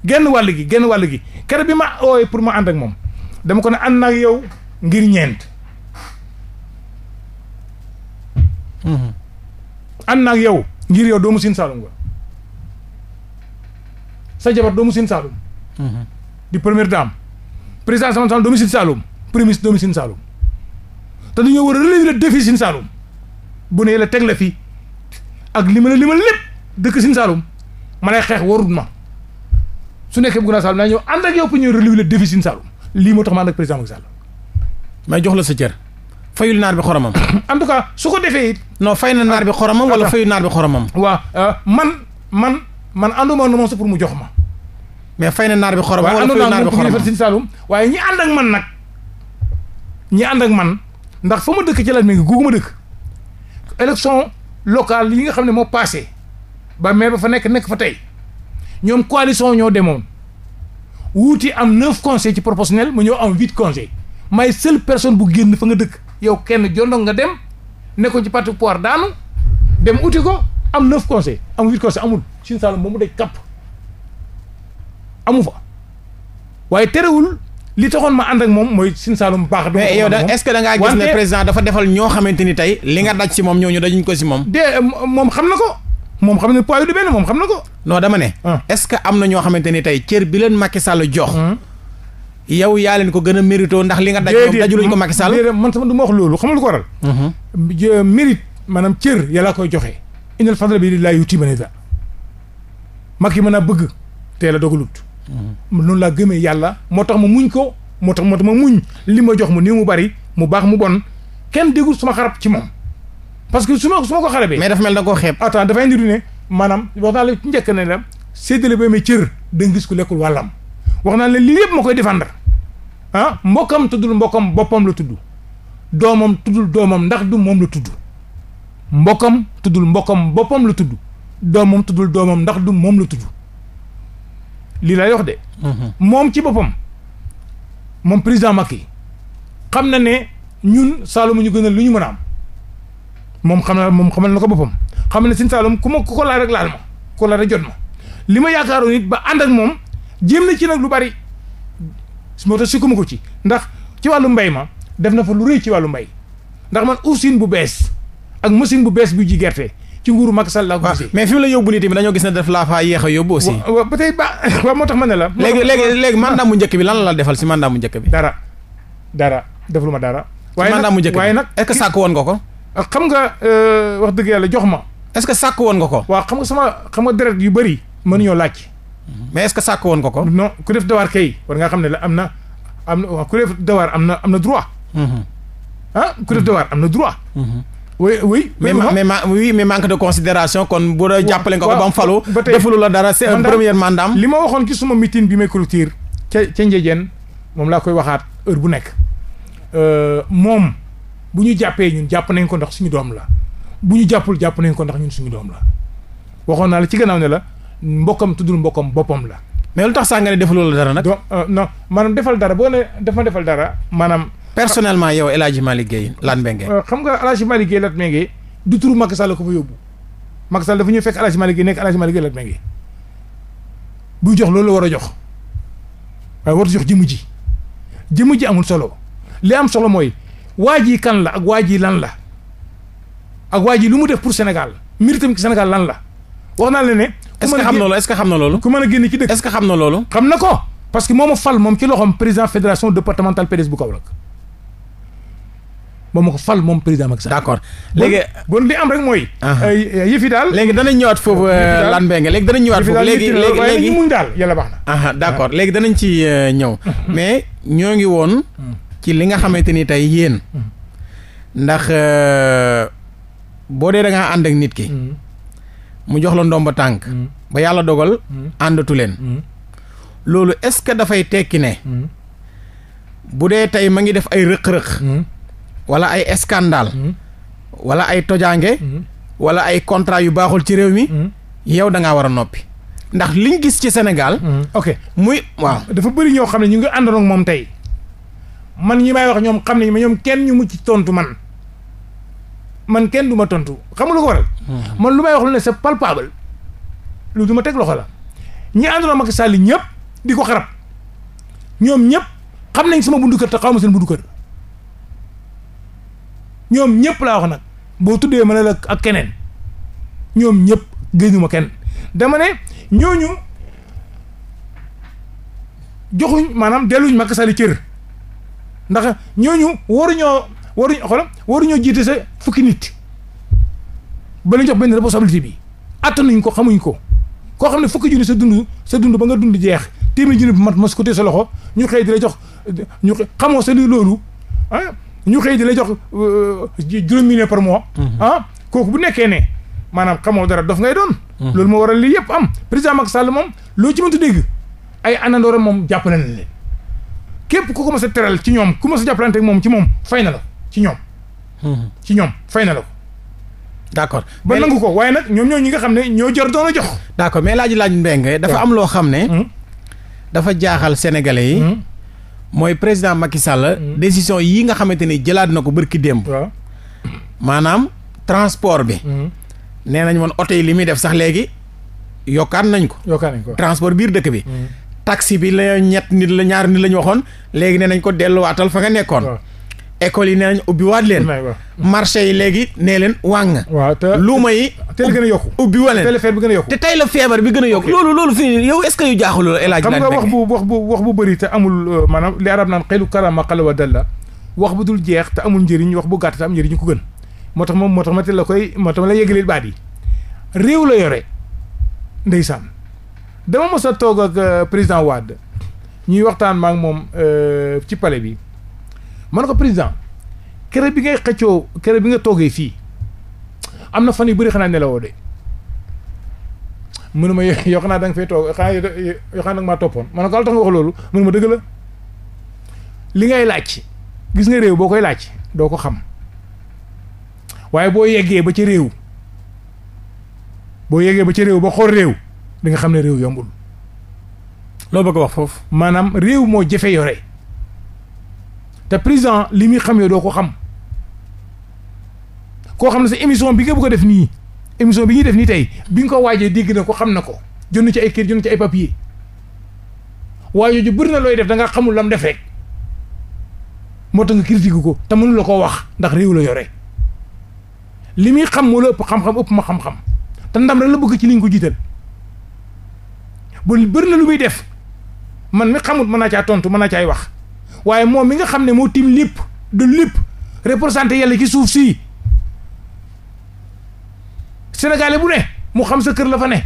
S2: genn wàll gi genn wàll gi kere bi ma ooyee pour ma ànd ak moom dama ko ne ànd naa yow ngir ñeent mhm. ànd naa ak yow ngir yow doomu Sine Saalum nga sa jabar doomu Sine Saalum mhm. di première dame président sama Saalum doomu Sine Saalum premier ministre doomu Sine te dañoo war a relever le défi Sine Saalum bu ne la teg la fii ak li ma li ma lépp dëkk Sine Saalum ma lay xeex warut ma su nekkee bëgg naa Saalum naa ñëw ànd ak yow pour ñu relever le défi Sine Saalum lii moo tax ma
S1: ànd jox la sa cër. fayul naar bi xoromam. [coughs] en tout cas su ko defee it. non fay na naar bi xoromam wala fayul naar bi xoromam. waaw euh,
S2: man man man ànduma moom sa pour mu jox ma.
S1: mais fay na naar bi xoromam wala fayul naar bi
S2: xoromam waaye àndoon Sine ñi ànd ak man nag ñi ànd ak man ndax foo ma dëkk ci laaj mi ngi googu ma dëkk local yi nga xam ne moo passé ba maire ba fa nekk nekk fa tey ñoom coalition ñoo demoon wuuti am neuf conseils ci proportionnel mu ñëw am huit conseils may seule personne bu génn fa nga dëkk yow kenn jondog nga dem nekkoon ci parti poir daanu dem uti ko am neuf conseils am huit conseils amul Sine Saloum ba mu daj kapp amu fa waaye terewul li taxoon ma ànd ak moom mooy Sine Saalum baax. mais yow da est-ce que ne président
S1: dafa defal ñoo xamante ni tey li nga daj si moom ñooñu dajuñ ko si moom. de moom xam na ko moom xam ne poids na ko. non dama ne. Ah. est am na ñoo xamante ni tey cër bi leen Macky Sall jox. Hmm. yow yaa ko gën a mérito ndax li nga daj moom dajuluñ ko Macky Sall
S2: déedéet man sama du ma wax loolu xam ko waral. Hmm. mérite maanaam cër yàlla koy joxe. indil fadla bi laa yuti ma da Macky mën a bëgg teel a noonu laa gëmee yàlla moo tax ma muñ ko moo tax moo tax ma muñ li ma jox mu néew mu bari mu baax mu bon kenn déggul suma xarab ci moom parce que su ma su ma ko xarabee. mais dafa mel da koo xeeb. attends dafay indi du ne maanaam wax naa la ci njëkk ne la séddale ba may cër da gis ku lekkul wàllam wax naa la lii yëpp ma koy défendre ah mbokkam tuddul mbokkam boppam la tudd doomam tuddul doomam ndax du moom la tudd mbokkam tuddul mbokkam boppam la tudd doomam tuddul doomam ndax du moom la tudd. lii lay wax de. Mhm. moom ci boppam moom président Macky xam na ne ñun Saloum ñu gënal lu ñu mën a am moom xam na moom xamal na ko boppam xam na sin Saloum ku ma ku ko laal rek laal ma ko laal rek jot ma li ma yaakaaroon it ba ànd moom jéem na ci nag lu bari moo tax sikkuma ko ci ndax ci wàllu mbay ma def na fa lu rëy ci wàllu mbay ndax man usine bu bees ak machine bu bees bu ji gerte. ci nguuru Macky Sall laa ko gisee mais fi mu la yóbbu nii
S1: tamit dañoo gis ne daf laa faa yéex a yóbbu aussi peut-être ba [laughs] waaw moo tax ma ne la léegi léegi léegi mandat mu njëkk bi lan la defal si mandat mu njëkk bi dara dara deflu ma dara waaye mandat mu njëkk bi waaye nag est-ce que
S2: sàkk woon nga ko ah, xam nga euh, wax dëgg yàlla jox ma est-ce que sàkk woon nga ko waaw xam nga sama xam nga deret yu bëri mënuñoo laaj mm-hmm. mais est-ce que sàkk woon nga ko non ku def dawaar kay war nga xam ne la am na am na ku def dawaar am na am na droit mm-hmm. ah ku def dawaar am
S1: na droit mm-hmm. oui oui. mais mais oui mais manque de considération kon bu la jàppale nga ko ba mu falu. ba la dara c'est un premier mandat li
S2: ma waxoon ci suma meeting bi may clôture. ca ca Ndiédiène moom laa koy waxaat heure bu nekk. Euh, moom bu ñu jàppee ñun jàpp nañ ko ndax suñu doom la bu ñu jàppul jàpp nañ ko ndax ñun suñu doom la waxoon naa la ci gannaaw ne la mbokkam tuddul mbokkam boppam la. mais lu tax saa nga ne defaloo la dara nag. donc euh, non maanaam defal dara boo ne dafa defal dara maanaam
S1: personnellement yow El Hadj Malick Guèye Lat Mbengue.
S2: Euh, xam nga El Hadj Malick Guèye Lat Mbengue du turu Macky Sall ko fa yóbbu Macky Sall dafa ñëw fekk El Hadj Malick Guèye nekk El Hadj Malick Guèye Lat Mbengue jox loolu la war a jox waaye warut jox jëmm ji jëmm ji amul solo li am solo mooy waa ji kan la ak waa ji lan la ak waa ji lu mu def pour Sénégal miritam ci Sénégal lan la wax naa la ne. est-ce xam na loolu ku mën a génn ci dëkk est-ce que xam na loolu. xam na ko parce que moom ko fal moom
S1: président Macky Sall. d'accord léegi bon li am rek mooy. Ah. yëf daal léegi danañ ñëwaat foofu. Euh, lan nga léegi danañ ñëwaat foofu léegi léegi léegi muñ daal yàlla baax na. Ah, ah, d'accord léegi danañ ci euh, ñëw. Mm-hmm. [laughs] mais ñoo ngi woon. Mm. ci li nga xamante ni tey yéen. Mm. ndax euh, boo dee da ànd ak nit ki. Mm. mu jox la ba tànk. ba yàlla dogal. àndatu leen. loolu est-ce que dafay tekki ne. bu dee tey ma ngi def ay rëq-rëq. wala ay scandale mm-hmm. wala ay tojaange mm-hmm. wala ay contrat yu baaxul ci réew mi mm-hmm. yow da ngaa war a noppi ndax liñ gis ci Sénégal ok muy waaw dafa bëri ñoo xam ne ñu
S2: ngi àndoon moom tey man ñi may wax ñoom xam nañu ma ñoom kenn ñu mucc tontu man man kenn du ma tontu xam nga lu ko waral man lu may wax lu ne c'est palpable lu du ma teg loxo la ñi àndoon Macky Sall ñëpp di ko xarab ñoom ñëpp xam nañ sama bundu kër te xaw ma seen bundu kër ñoom ñëpp laa wax nag boo tuddee ma ne la ak keneen ñoom ñëpp ma kenn dama ne ñooñu joxuñ maanaam delluñ Macky Sall cër ndax ñooñu waruñoo waruñ xolam waruñoo jiite sa fukki nit ba lañ jox benn responsabilité bi attanuñ ko xamuñ ko koo xam ne fukki junni sa dund sa dund ba nga dund jeex téeméer junni bu mat mas ko téye sa loxo ñu xëy di jox ñu xamoo sa li loolu ah ñu xëy di la jox euh, juróomi ne par mois. Mhm. ah kooku bu nekkee ne maanaam xamoo dara dof ngay doon. Mhm. loolu moo a lii yëpp am président Macky Sall moom loo ci mënta dégg ay àndandooram moom jàppale na leen képp ku commencé teral ci ñoom ku commencé jàppalanteeg moom ci moom fay na la ci ñoom.
S3: Mhm.
S1: ci ñoom fay na la ko. d' accord ba nangu ko waaye nag ñoom ñoo ñi nga xam ne ñoo jor doon jox. d' accord mais laaj laaj mbeng dafa am loo xam ne. dafa jaaxal sénégalais yi. mooy président Macky Sall. Mm. décision yi nga xamante ni jëlaat na ko bërki démb. maanaam transport bi. Mm. nee nañ woon oto yi li muy def sax léegi yokkaat nañ ko. yokkaat nañ ko transport biir dëkk bi. Mm. taxi bi la ñett nit la ñaar nit la ñu waxoon léegi nee nañ ko delluwaatal fa nga nekkoon. école yi nee nañ ubbi waat leen. marché yi léegi nee leen wàng. waaw te luuma yi. teel gën a yokku ubbi waleen teel feebar gën a yokku. te tey la feebar bi gën a yokku. loolu loolu fii yow est ce que yu jaaxuloo El Hadj xam nga wax bu wax bu wax bu bëri te amul
S2: euh, maanaam li arab wax bu dul jeex te amul njëriñ wax bu gàtt te am njëriñ ko gën moo tax moom moo tax ma te la koy moo tax ma la yëgalee baat yi réew la yore ndeysaan dama mos a toog ak euh, président Wade ñuy waxtaan ma ak moom euh, ci palais bi mën man ko président kere bi ngay xëccoo kere bi nga toogee fii am na fan yu bëri xanaa nelawoo de mënuma yoo xanaa da nga fay toog xanaa yoo xanaa da maa toppoon man ne ko al nga wax loolu mënuma dëgg la li ngay laaj gis nga réew boo koy laaj doo ko xam waaye boo yeggee ba ci réew boo yeggee ba ci réew ba xool réew di nga xam ne réew yombul. loo bëgg a wax foofu. maanaam réew moo jafe yore. te président li muy xam yow doo ko xam koo xam ne si émission bi nga bëgg a def nii émission bi ñuy def nii tey bi nga ko waajee dégg na ko xam na ko jënd ci ay kër jënd ci ay papier waaye ju bëri na looy def danga xamul lam def rek moo tax nga ko te mënu la koo wax ndax réew la yore li muy xam moo la ëpp xam-xam ëpp ma xam-xam te ndam rek la bëgg ci li nga ko jiital bu bëri na lu muy def man mi xamut mën naa caa tontu mën naa caay wax. waaye moom mi nga xam ne moo tiim lépp de lépp représenté yàlla ci suuf sii sénégalais bu ne mu xam sa kër la fa ne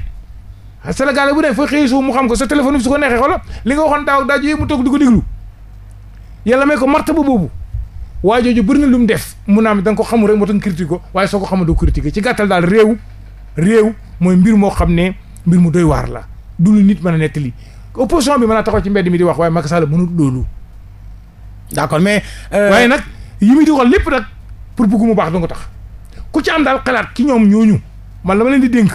S2: ah, sénégalais bu ne fa xëy suuf mu xam ko sa téléphone bi su ko neexee xoola li nga waxoon daaw daaj yooyu toog di ko déglu yàlla may ko martaba boobu waaye jooju bëri na lu mu def mu naam da ko xamul rek moo tax ko waaye soo ko xamul doo ci gàttal daal réew mooy mbir moo xam ne mbir mu doy waar la du lu nit mën a nettali opposition bi mën ci mbedd mi di wax waaye Macky Sall mënul loolu d'accord mais. Euh, waaye nag yi muy dugal lépp nag pour bëgg mu baax dong tax ku ci am daal xalaat ci ñoom ñooñu man la ma di dénk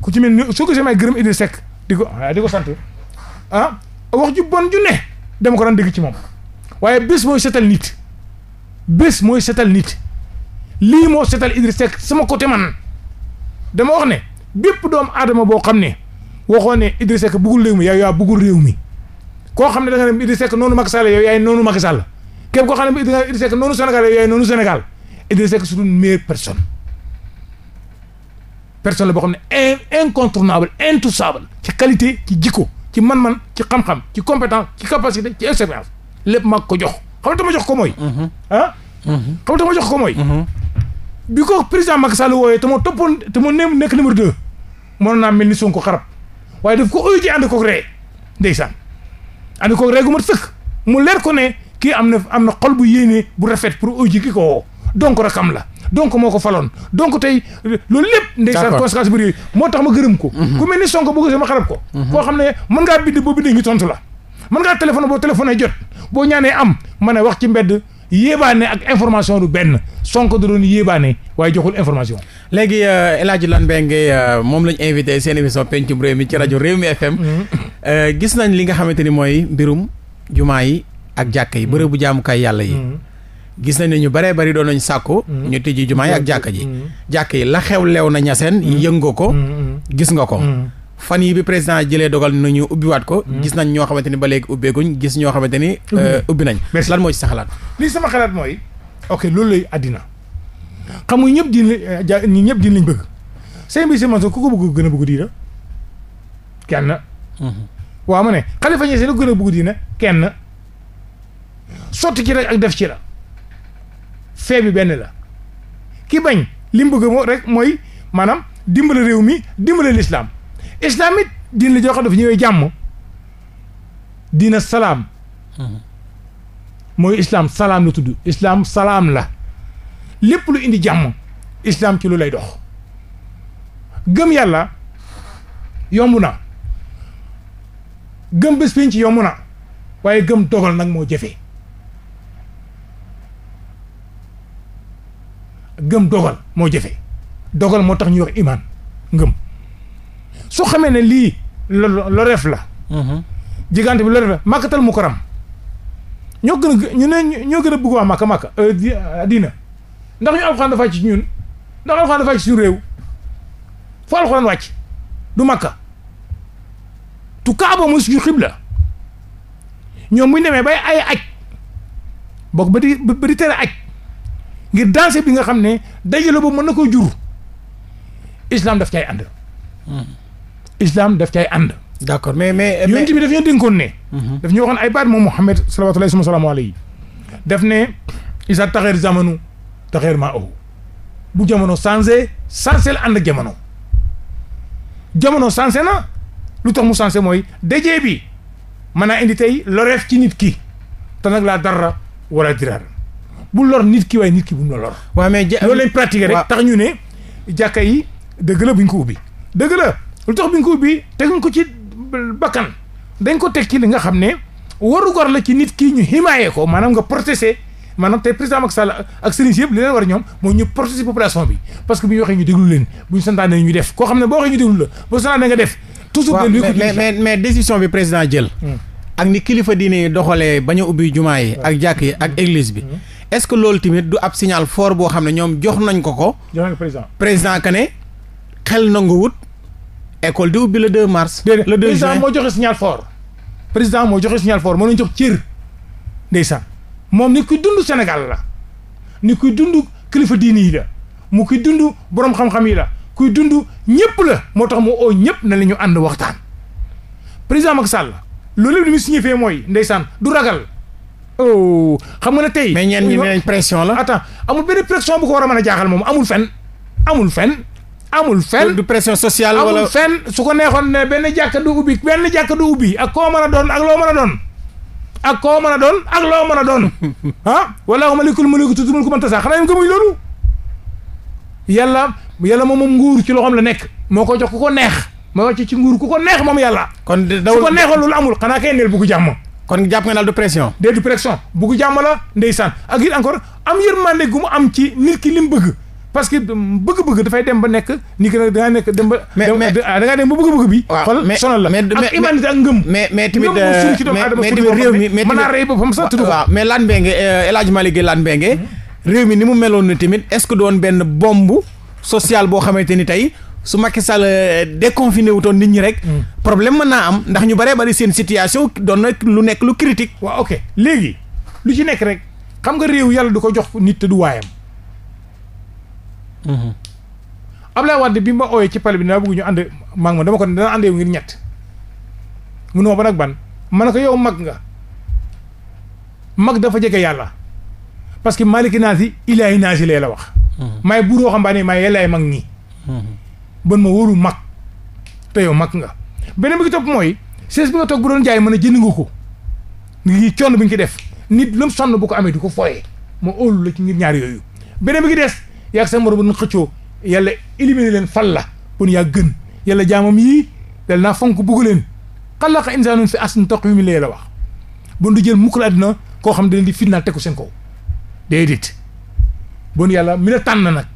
S2: ku ci mel ni soo ko may gërëm Idrissa Seck di ko di ko sant ah wax ju bon ju ne dama ko daan dégg ci moom waaye bés mooy setal nit bés mooy setal nit lii moo setal Idrissa Seck sama côté man dama wax ne bépp doomu aadama boo xam ne waxoo ne Idrissa Seck bëggul réew mi yow yaa bëggul réew mi koo xam ne da nga ne Idrissa Seck noonu Macky Sall yow yaay noonu Macky Sall képp koo xam ne Idrissa Seck noonu Sénégal yooyu noonu Sénégal Idrissa Seck c'est une meilleure personne personne boo xam ne incontournable intouchable ci qualité ci jikko ci man-man ci xam-xam ci compétence ci capacité ci expérience lépp mag ko jox xam nga dama jox ko mooy ah jox ko mooy mhm. bi ko président Macky Sall wooyee te moo toppoon nekk numéro deux mënoon naa mel ni Sonko xarab waaye daf ko uyu ji ànd kook ree ndeysaan ànd kook ree gu mat sëkk mu leer ko ne kii am na am na xol bu yéene bu rafet pour auji ki ko woo donc rakam la donc moo ko faloon donc tey loolu lépp ndeysaan conséquence bu réy moo tax ma gërëm ko mhm. ku mel ni Sonko boo gisee ma xarab ko mhm. koo xam ne mën ngaa bind boo bindee ñu tontu la mën ngaa téléphone boo téléphone jot boo ñaanee am ma ne wax ci mbedd yéebaane ak information du benn Sonko da doon
S1: yéebaane waaye joxul information léegi euh, El Hadji Lat Mbengue euh, moom lañ invité seen émission pencum réew mi ci rajo Réew mi FM mhm. euh, gis nañ li nga xamante ni mooy mbirum jumaa yi ak jàkka yi bërëb bu jaamukaay yàlla yi mm-hmm. gis nañ ne ñu baree bari doon nañ sàkku mm-hmm. ñu tijji jumaa yi ak jàkka ji mm-hmm. jàkk yi la xew leew na ñaseen yëngoo ko gis nga ko fan yi bi président jëlee dogal na ñu ubbiwaat ko gis nañ ñoo xamante ni ba léegi ubbeeguñ gis ñoo xamante ni ubbi nañ euh, lan moo ci sa xalaat
S2: lii sama xalaat mooy ok loolu lay àddina xam nga ñëpp diin la euh, ñi ñëpp diin bëgg sëñ bi si man ku ko bëgg gën a bëgg diina kenn waa ma ne xalifa ñ gën a bëgg kenn sotti ci rek ak def ci la fee benn la ki bañ li mu bëgg moo rek mooy maanaam dimbale réew mi dimbale lislaam islaam it diin la joo xam dafa ñëwee jàmm salaam mhm. mooy islaam salaam la tudd islaam salaam la lépp lu indi jàmm islaam ci lu lay dox gëm yàlla yomb na gëm bés pénc yomb na waaye gëm dogal nag moo jëfee gëm dogal moo jafe dogal moo tax ñuy wax imaan ngëm soo xamee ne lii lo loreef la mm-hmm. jigante bi loreef la màkkatal mu ñoo gën a ñu ne ñoo gën a bëgg euh, diina ndax ñu alxuraan dafa ci ñun ndax alxuraan dafa ci suñu réew foo alxuraan wàcc du màkka tu kaaba mooy suñu xibla ñoom bu ñu demee bay ay aj bokk ba di ba di ngir danger bi nga xam ne dajale ba mën na ko jur islam daf cay ànd. Hmm. islam daf cay ànd. d' accord mais mais yonent bi daf ñu dénkoon ne. Hmm. daf ñu waxoon ay baat moom Mouhamed salawaatullaahi wa salaamu alayhi daf ne isa taxeer zamanu taxeer maa aw bu jamono changé changé la ànd ak jamono jamono changé na lu tax mu changé mooy dajee bi mën naa indi tey loreef ci nit ki te nag laa dara wala diraar bu lor nit ki waaye nit ki bu mu la lor. waaw mais ja loolu lañ pratiquer rek tax ñu ne jàkka yi dëgg la bu ñu ko ubbi. dëgg la lu tax bu ñu ko ko ci bakkan dañ ko teg ci li xam ne warugar la ci nit ki ñu himaayee ko maanaam nga protéger maanaam tey président Macky Sall ak sëriñ si yëpp li bi
S1: parce que bu ñu leen bu ñu santaane ñu koo xam ne boo waxee ñu déglu la boo santaane nga mais mais bi président jël. Hmm. ak ni kilifa diine yi doxalee bañ a ubbi jumaa yi ak jàkk yi ak église bi. Hmm. est-ce que loolu tamit du ab signal foor boo xam ne ñoom jox nañ ko ko. jox nañ ko président président que ne xel nanguwut école di ubbi le 2 mars. déedéet le 2 juin moo joxe signal foor président moo joxe signal fort mënuñ jox cër.
S2: ndeysaan moom ni kuy dundu Sénégal la ni kuy dundu kilifa diini yi la mu kuy dundu borom xam-xam yi la kuy dundu ñëpp la moo tax mu oo ñëpp na la ñu ànd waxtaan président Macky Sall loolu yëpp li muy signifié mooy ndeysaan du ragal oh xam nga ne tey. mais ñenn ñi ne pression la. attends amul benn pression bu ko war a mën a jaaxal moom amul fen amul fen amul fen du pression sociale wala amul fen su ko neexoon ne benn jàkka du ubbi benn jàkka du ubbi ak koo mën a doon ak loo man a doon. ak koo mën a doon ak loo mën a doon [laughs] ah walaahuma likul mulku tuuti mulku man tasaa xanaa yéen gëmuñ loolu. yàlla yàlla moom moom nguur ci loxoom la nekk moo ko jox ku ko neex moo ko ci nguur ku ko neex moom yàlla. kon su ko neexoon loolu amul xanaa kay neel bugg kon jàpp nga daal du pression. dee du pression bugg jàmm la ndeysaan ak encore am yërmande gu mu am ci nit ki li mu bëgg. parce que bëgg-bëgg dafay dem ba nekk ni que da nekk dem ba. mais mais ah, da dem ba bëgg-bëgg
S1: bi. waaw mais sonal la ak imanité ak ngëm. mais mais tamit euh, mais réew mi mais tamit mën naa rey boppam sax tudd. waaw mais Lat Mbengue euh, El Hadj Malick Gueye Lat Mbengue mhm. réew mi ni mu meloon ni tamit est-ce que doon benn bombe sociale boo xamante ni tey su Macky Sall euh, déconfiné wutoon nit ñi rek. Hmm. problème mën naa am ndax ñu baree bari seen situation doon na lu nekk lu critique waaw ok léegi lu ci nekk rek xam nga réew yàlla du ko jox nit te du waayam.
S3: Hmm.
S2: Ablaye Wade bi ma ooyee ci pale bi naa bëgg ñu ànd mag ma dama ko dana àndee ngir ñett mu noo ba nag ban ma ne ko yow mag nga mag dafa jege yàlla parce que maliki naasi ilaahi naasi lee la wax. Hmm. maay buuroo xam baa ne maay yàllaay mag nii ban ma wóoru mag te yow mag nga beneen bi ki topp mooy sees bi nga toog bu doon jaay mën a jënd nga ko ngi coono bi nga ci def nit lu mu sonn bu ko amee du ko fooyee moo óolu la ci ngir ñaar yooyu beneen bi ki des yaa sa moroom bu xëccoo yàlla éliminer leen fal la bon yaa gën yalla jaamam yii dal naa fonk bugg leen xalaqa insaanun fi ahsani taqwiim la wax bon du jël mukk laa dina koo xam ne dañ di fitnaal tegu seen kaw déedéet bon yàlla mi la tànn nag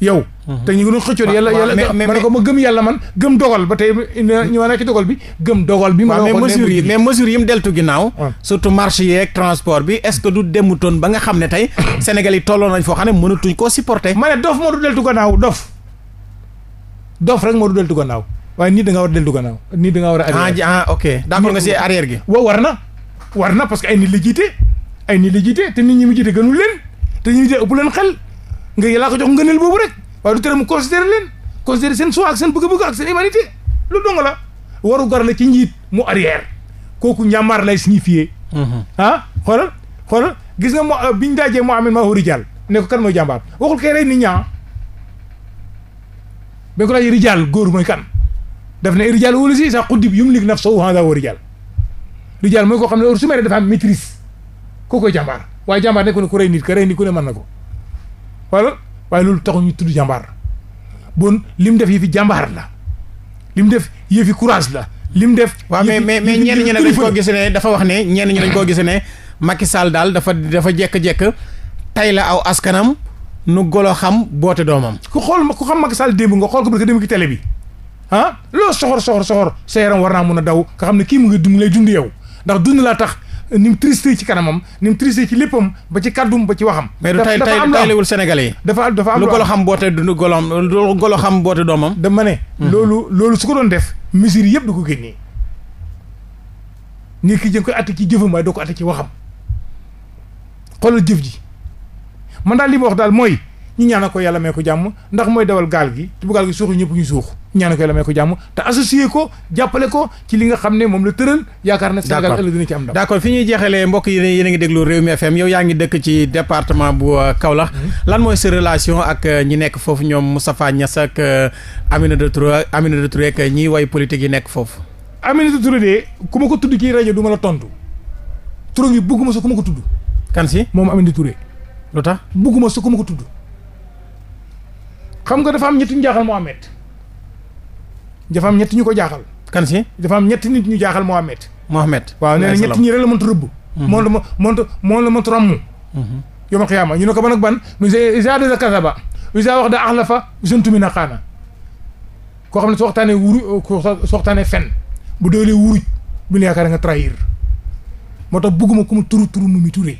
S2: yow mhm. te ñu ngi doon xëccoon yàlla yàlla ma ne ko ma gëm yàlla man gëm dogal
S1: ba tey ñu ma nekk ci dogal bi gëm dogal bi ma mais mesures yi mais mesures yi mu deltu ginnaaw surtout marché yeeg transport bi est ce que du demutoon ba nga xam ne tey [coughs] Sénégal yi tolloon nañ foo xam ne mënatuñ koo supporter ma ne dof moo du deltu gannaaw dof dof rek moo du deltu gannaaw
S2: waaye nii da nga war a deltu gannaaw nii da nga war a arrière ah, ah
S1: ok d'accord nga si arrière gi
S2: waaw war na war na parce que ay nit la jiite ay nit la jiite te nit ñi mu jiite gënul leen te ñu jiite ëpp leen xel nga yàllaa ko jox nel boobu rek waaye du tere mu considéré leen considéré seen soo ak seen bëgg-bëgg ak seen humanité lu dong la waru gar la ci njiit mu arrière kooku ñàmmaar lay signifié mhm. ah xoolal xoolal gis nga mo euh, biñ daajee mu amee maa hori jàll nekk ko kan mooy jàmbaar waxul kay rey ñaa ba nga ko laajee rijaal góor mooy ne rijaal wala si sax xuddib yum lig naf sowu hada wa rijaal koo xam ne heure su mere dafa am maîtrise koo koy jàmbaar waaye jàmbaar nekkul ne ku rey nit ka rey nit ku ne mën na ko xoolal waaye loolu taxu ñu tudd jàmbaar bon li mu def yëfi jàmbaar la li
S1: mu def yëfi courage la li mu def. waaw mais mais mais ñenn ñi dañ koo gis ne dafa wax ne ñenn ñi dañ koo gis ne Macky Sall daal dafa dafa jekk-jekk tay la aw askanam nu golo xam boote doomam. ku xool ku xam Macky Sall démb nga xool ko parce que démb ki télé bi ah
S2: loo soxor soxor soxor sa yaram war naa mun a daw nga xam ne kii mu ngi dund lay dund yow ndax dund laa tax. ni mu triste ci kanamam ni mu triste ci léppam ba ci kàddum ba ci waxam. dafa dafa am taylewul Sénégalais yi.
S1: dafa dafa am lu golo xam boote du golom lu golo xam boote doomam. dama ne. Hmm. loolu loolu su ko
S2: doon def mesures yëpp du ko génnee. nit ki jën koy atte ci jëfam waaye doo ko atte ci waxam xoolal jëf ji man daal li wax daal mooy. ñu ñaana ko yàlla may ko jàmm ndax mooy dawal gaal gi te bu gaal gi suuxu ñëpp ñu suux ñaanal ko yàlla may ko jàmm te
S1: associé ko jàppale ko ci li nga xam ne moom la tëral yaakaar na Sénégal ëllëg dina ci am ndam d'accord fi ñuy jeexalee mbokk yi yéen a ngi déglu Rewmi FM yow yaa ngi dëkk ci département bu euh, Kaolack mhm. lan mooy sa relation ak euh, ñi nekk foofu ñoom Moustapha Niass de euh, Aminata Touré Aminata Touré ak ñiy way politique yi nekk foofu
S2: Aminata Touré ku ma ko tudd ci rajo du ma la tontu turam yi bugguma sa ku ma ko tudd kan si moom Aminata Touré lu tax bugguma sa ku ma ko tudd xam nga dafa am ñetti ñu jaaxal Mohamed dafa am ñetti ñu ko jaaxal. kan si dafa am ñetti nit ñu jaaxal Mohamed. Mohamed waaw nee na ñetti ñi rek la mënta rëbb. moom la mënta moom la mënta romb. yawmal qiyaama ñu ne ko ban ak ban mu isa da kasaba isa wax da axlafa suntumi na xaana koo xam ne su waxtaanee wuru su waxtaanee fen bu doolee wuruj bu la yaakaar nga trahir moo tax bugguma ku mu turu turu mu mi turee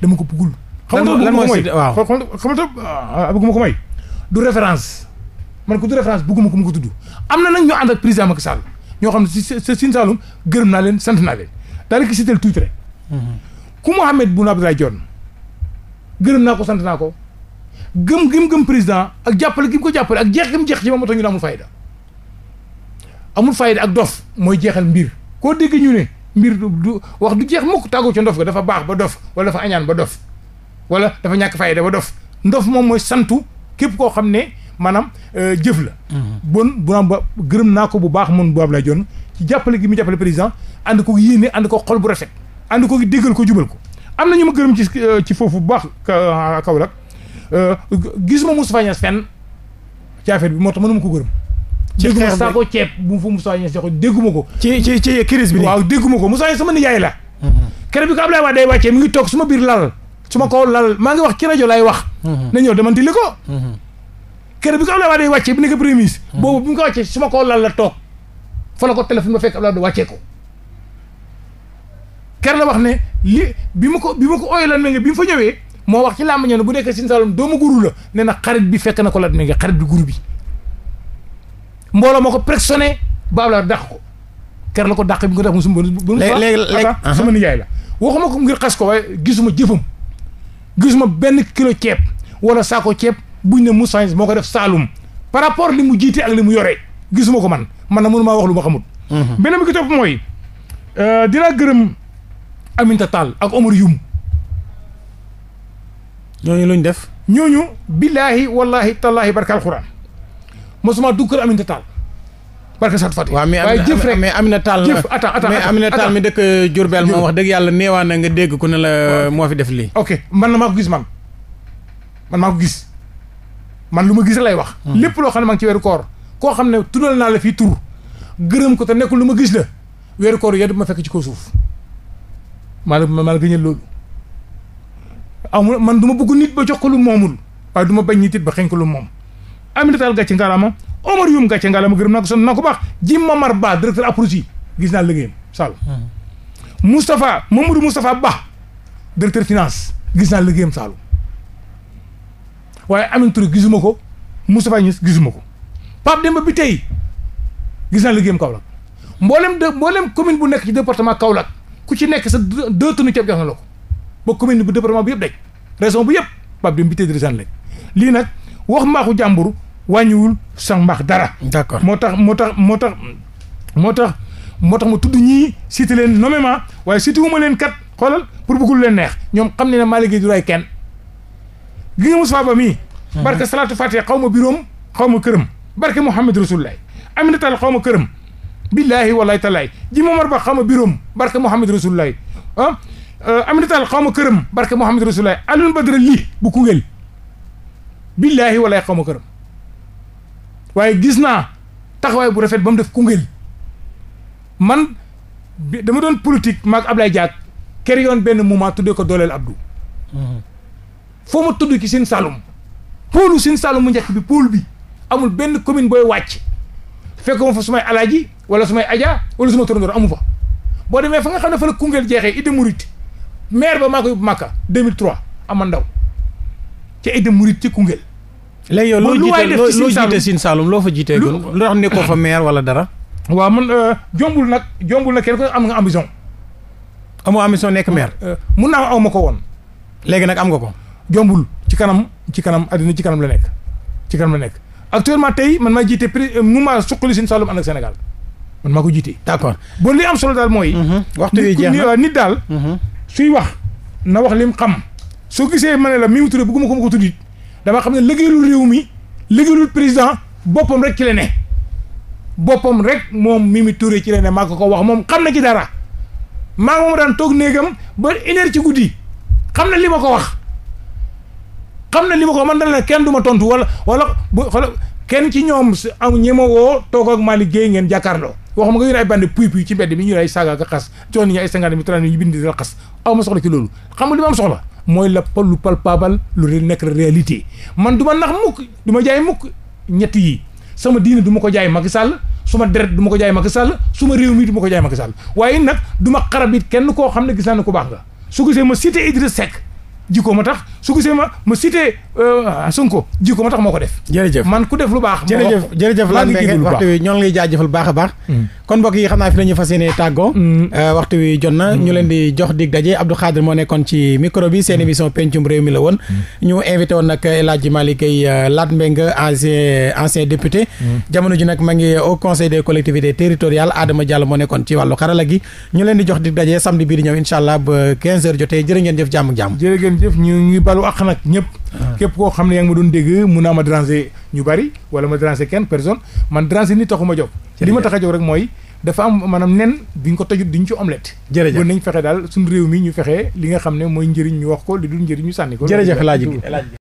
S2: dama ko buggul. lan lan mooy si waaw xamatoo ah, bugguma ko may. du référence man ko du référence bugguma ko mu ko tudd am na nag ñoo ànd ak président Macky Sall ñoo xam ne si si Sine Saloum gërëm naa leen sant naa leen daanaka si teel tuuti rek. ku bu Boun Abdallah Dionne gërëm naa ko sant naa ko gëm gëm gëm président ak jàppale gim ko jàppale ak jeex gi jeex ci ma moo tax ñu ne amul fayda amul fayda ak dof mooy jeexal mbir koo dégg ñu ne mbir du wax du jeex mukk tàggoo ca ndof ga dafa baax ba dof wala dafa añaan ba dof wala dafa ñàkk fayda ba dof ndof moom mooy santu képp koo xam ne maanaam euh, jëf la. Mhm. bon bu bunaam ba gërëm naa ko bu baax mun bu Ablaye joon ci jàppale gi mu jàppale président ànd ko yéene ànd ko xol bu rafet ànd ko déggal ko jubal ko am na ñu ma gërëm ci euh, ci foofu bu baax euh, Kaolack gis ma Moustapha Niass fenn ci affaire bi moo tax ko gërëm. dégguma saako ceeb bu mu fa Moustapha Niass dégguma ko. ci ci ci crise bi. waaw ko Moustapha Niass sama nijaay la. Mhm. keroog bi ko Ablaye Wade day wàccee mi ngi toog suma biir lal. su ma ko lal maa ngi wax ci rajo laay wax. Mhm. na ñëw demanti li ko. Mhm. kër bi ko Abdoulaye Wade wàccee bi nekk premier ministre. Mhm. boobu bu ñu ko wàccee su ma ko lal la toog fa la ko téléphone ba fekk Abdoulaye Wade wàccee ko. ker wax ne li bi ma ko bi ma ko ooyee lan nga bi fa ñëwee moo wax ci làmb ñoom bu nekkee Sine Saloum doomu guru la na xarit bi fekk na ko lan nga xarit bi guru bi. mbooloo moo ko pressionné ba Abdoulaye dàq ko ker la ko dàq bi ko def mu suma. léegi léegi la waxuma ko ngir xas ko waaye gisuma jëfam. gisuma benn kilo ceeb wala saako ceeb buñ ne mu Niass moo ko def Saalum par rapport li mu jiite ak li mu yore gisuma ko man man na mënu maa wax lu ma xamut. Mhm. beneen bi ki topp mooy euh, dina gërëm Aminta Tall ak Omar Youm. ñooñu luñ def. ñooñu billaahi wallaahi tallaahi barka alxuraan mosuma dugg kër Aminta Tall.
S1: barke sant Fatick. waaw mais jëf rek mais Amina Tall jëf attends attends mais Amina Tall mi dëkk Diourbel moom wax dëgg yàlla neewaa na nga dégg ku ne la moo fi def lii. ok
S2: man na maa ko gis man man maa ko gis man lu ma gis lay wax. Hmm. lépp loo xam ne maa ci weeru koo xam ne tuddal naa la fii tur ko te nekkul lu ma gis la weeru koor yadu ma fekk ci ko suuf maa la maa la gëñal loolu amul man du ma bëgg nit ba jox ko lu moomul waaye du ma bañ nit it ba xeñ ko lu moom Aminata Tall gàcce ngaraama Omar Youm gàcce nga la ma gërëm naa ko sant naa ko baax Jim Mamar Ba directeur APROSI gis naa liggéeyam Sall. Hmm. Moustapha Mamadou Moustapha Ba directeur finance gis naa liggéeyam Sall waaye Amine Touré gisuma ko Moustapha Niass gisuma ko Pape Demba bi tey gis naa liggéeyam Kaolack mboolem de mboolem commune bu nekk ci département Kaolack ku ci nekk sa deux tonnes ceeb jox na la ko ba commune bu département bu yëpp daj région bu yëpp Pape Demba bi tey dirigeant lañ lii nag wax mbaaxu jàmbur. wàññiwul sax mbaax dara. d'accord moo tax moo tax moo tax moo tax moo tax ma tudd ñii cité leen nommément waaye cité wu ma leen kat xoolal pour bëggul leen neex ñoom xam ne ne Malick Gueye du ray kenn gi nga Moustapha Ba mii. Mhm. barke Salatu Fatiha xaw ma biroom xaw ma këram barke Mouhamed Rasulullah Aminata Tall xaw ma këram. billaahi walaay talaay ji Momar Ba xaw ma biroom barke Mouhamed Rasulullah ah euh, Aminata Tall xaw ma këram barke Mouhamed Rasulullah Alioune Badara lii bu Koungheul billaahi walaay xaw ma këram. waaye gis naa taxawaay bu rafet ba mu def Koungheul man bi dama doon politique maag Ablaye Diak kër yoon benn moment tuddee ko dooleel Abdou. Mhm. foo ma tudd ci Sine Saloum. pôlu Sine Saloum mu njëkk bi pôle bi amul benn commune booy wàcc fekkuma fa sumay alaaji wala sumay aja wala suma torondoor amu fa. boo demee fa nga xam ne fa la Koungheul jeexee Idda Mouride maire ba maa koy Makka 2003 amandaw ca Idda Mouride ci Koungheul.
S1: léegi yow loo jiite loo jiite Sine loo fa jiitee gën lu tax ne ko fa maire wala dara waaw man euh, jombul nag jombul nag kenn ko am nga ambition amoo ambition
S2: nekk maire euh, euh, mun naa aw ma ko woon léegi nag am nga ko jombul ci kanam ci kanam addina ci kanam la nekk ci kanam la nekk actuellement tey man maa jiite prix mouvement suqali Sine Saloum ànd ak Sénégal man maa ko jiite d'accord bon li am solo daal mooy mhm. waxtu wi nit daal mhm. suy wax na wax lim xam soo gisee ma ne la mi wuture bëgguma ko ma ko tuddit dama xam ne liggéeyul réew mi liggéeyul président boppam rek ci la ne boppam rek moom mi Touré ci la ne maa ko wax moom xam na ci dara maa moom daan toog néegam ba une heure ci guddi xam na li ma ko wax xam na li ma ko man dana ne kenn du ma tontu wala wala bu kenn ci ñoom su am ñemewoo toog ak Malick Guèye ngeen jàkkaarloo waxuma nga yéen ay bande puy puy ci mbedd mi ñu ay saaga ak xas jox nañu ay cinquante mille trente mille ñu bind dina xas aw ma soxla ci xam nga li ma mooy la lu palpable lu nekk réalité man du ma nax mukk du ma jaay mukk ñett yi sama diine du ma ko jaay Macky Sall suma ma deret du ma ko jaay Macky Sall suma réew mi du ko jaay Macky saal waaye nag du ma xarab it kenn koo xam ne gis naa ne ku baax nga su gisee ma cité Idriss Seck jikko ma tax su gisee ma ma cité euh,
S1: Sonko jikko ma tax moo ko def. jërëjëf man ku def lu baax. ma wax ko jërëjëf lan nga waxtu wi ñoo ngi lay jaajëfal baax a baax. Mm. kon mbokk yi xam naa fi la ñu fas yéene tàggoo. Mm. Euh, waxtu wi jot na mm. ñu leen di jox dig daje Abdou Khadre moo nekkoon ci micro bi seen émission pencum réew mi la woon. ñu invité woon nag El Hadj Malick Gueye euh, Lat Mbengue ancien ancien député. jamono ji nag ma ngi au conseil des collectivités territoriales Adama Diallo moo nekkoon ci wàllu xarala gi ñu leen di jox dig daje samedi bii di ñëw incha allah ba 15 heures jotee seen jëf ñu ngi balu àq nag ñëpp ah. képp koo xam ne yaa ngi ma
S2: doon dégg mun naa ma déranger ñu bari wala ma déranger kenn personne man déranger ni taxuma jóg li ma tax a jóg rek mooy dafa am maanaam nen bi ñu ko tojut di ñu ci omelette jërëjëf bon nañ fexe daal suñu réew mi ñu fexe li nga xam ne mooy njëriñ ñu wax ko li dul njëriñ ñu sànni ko laaj jërëjëf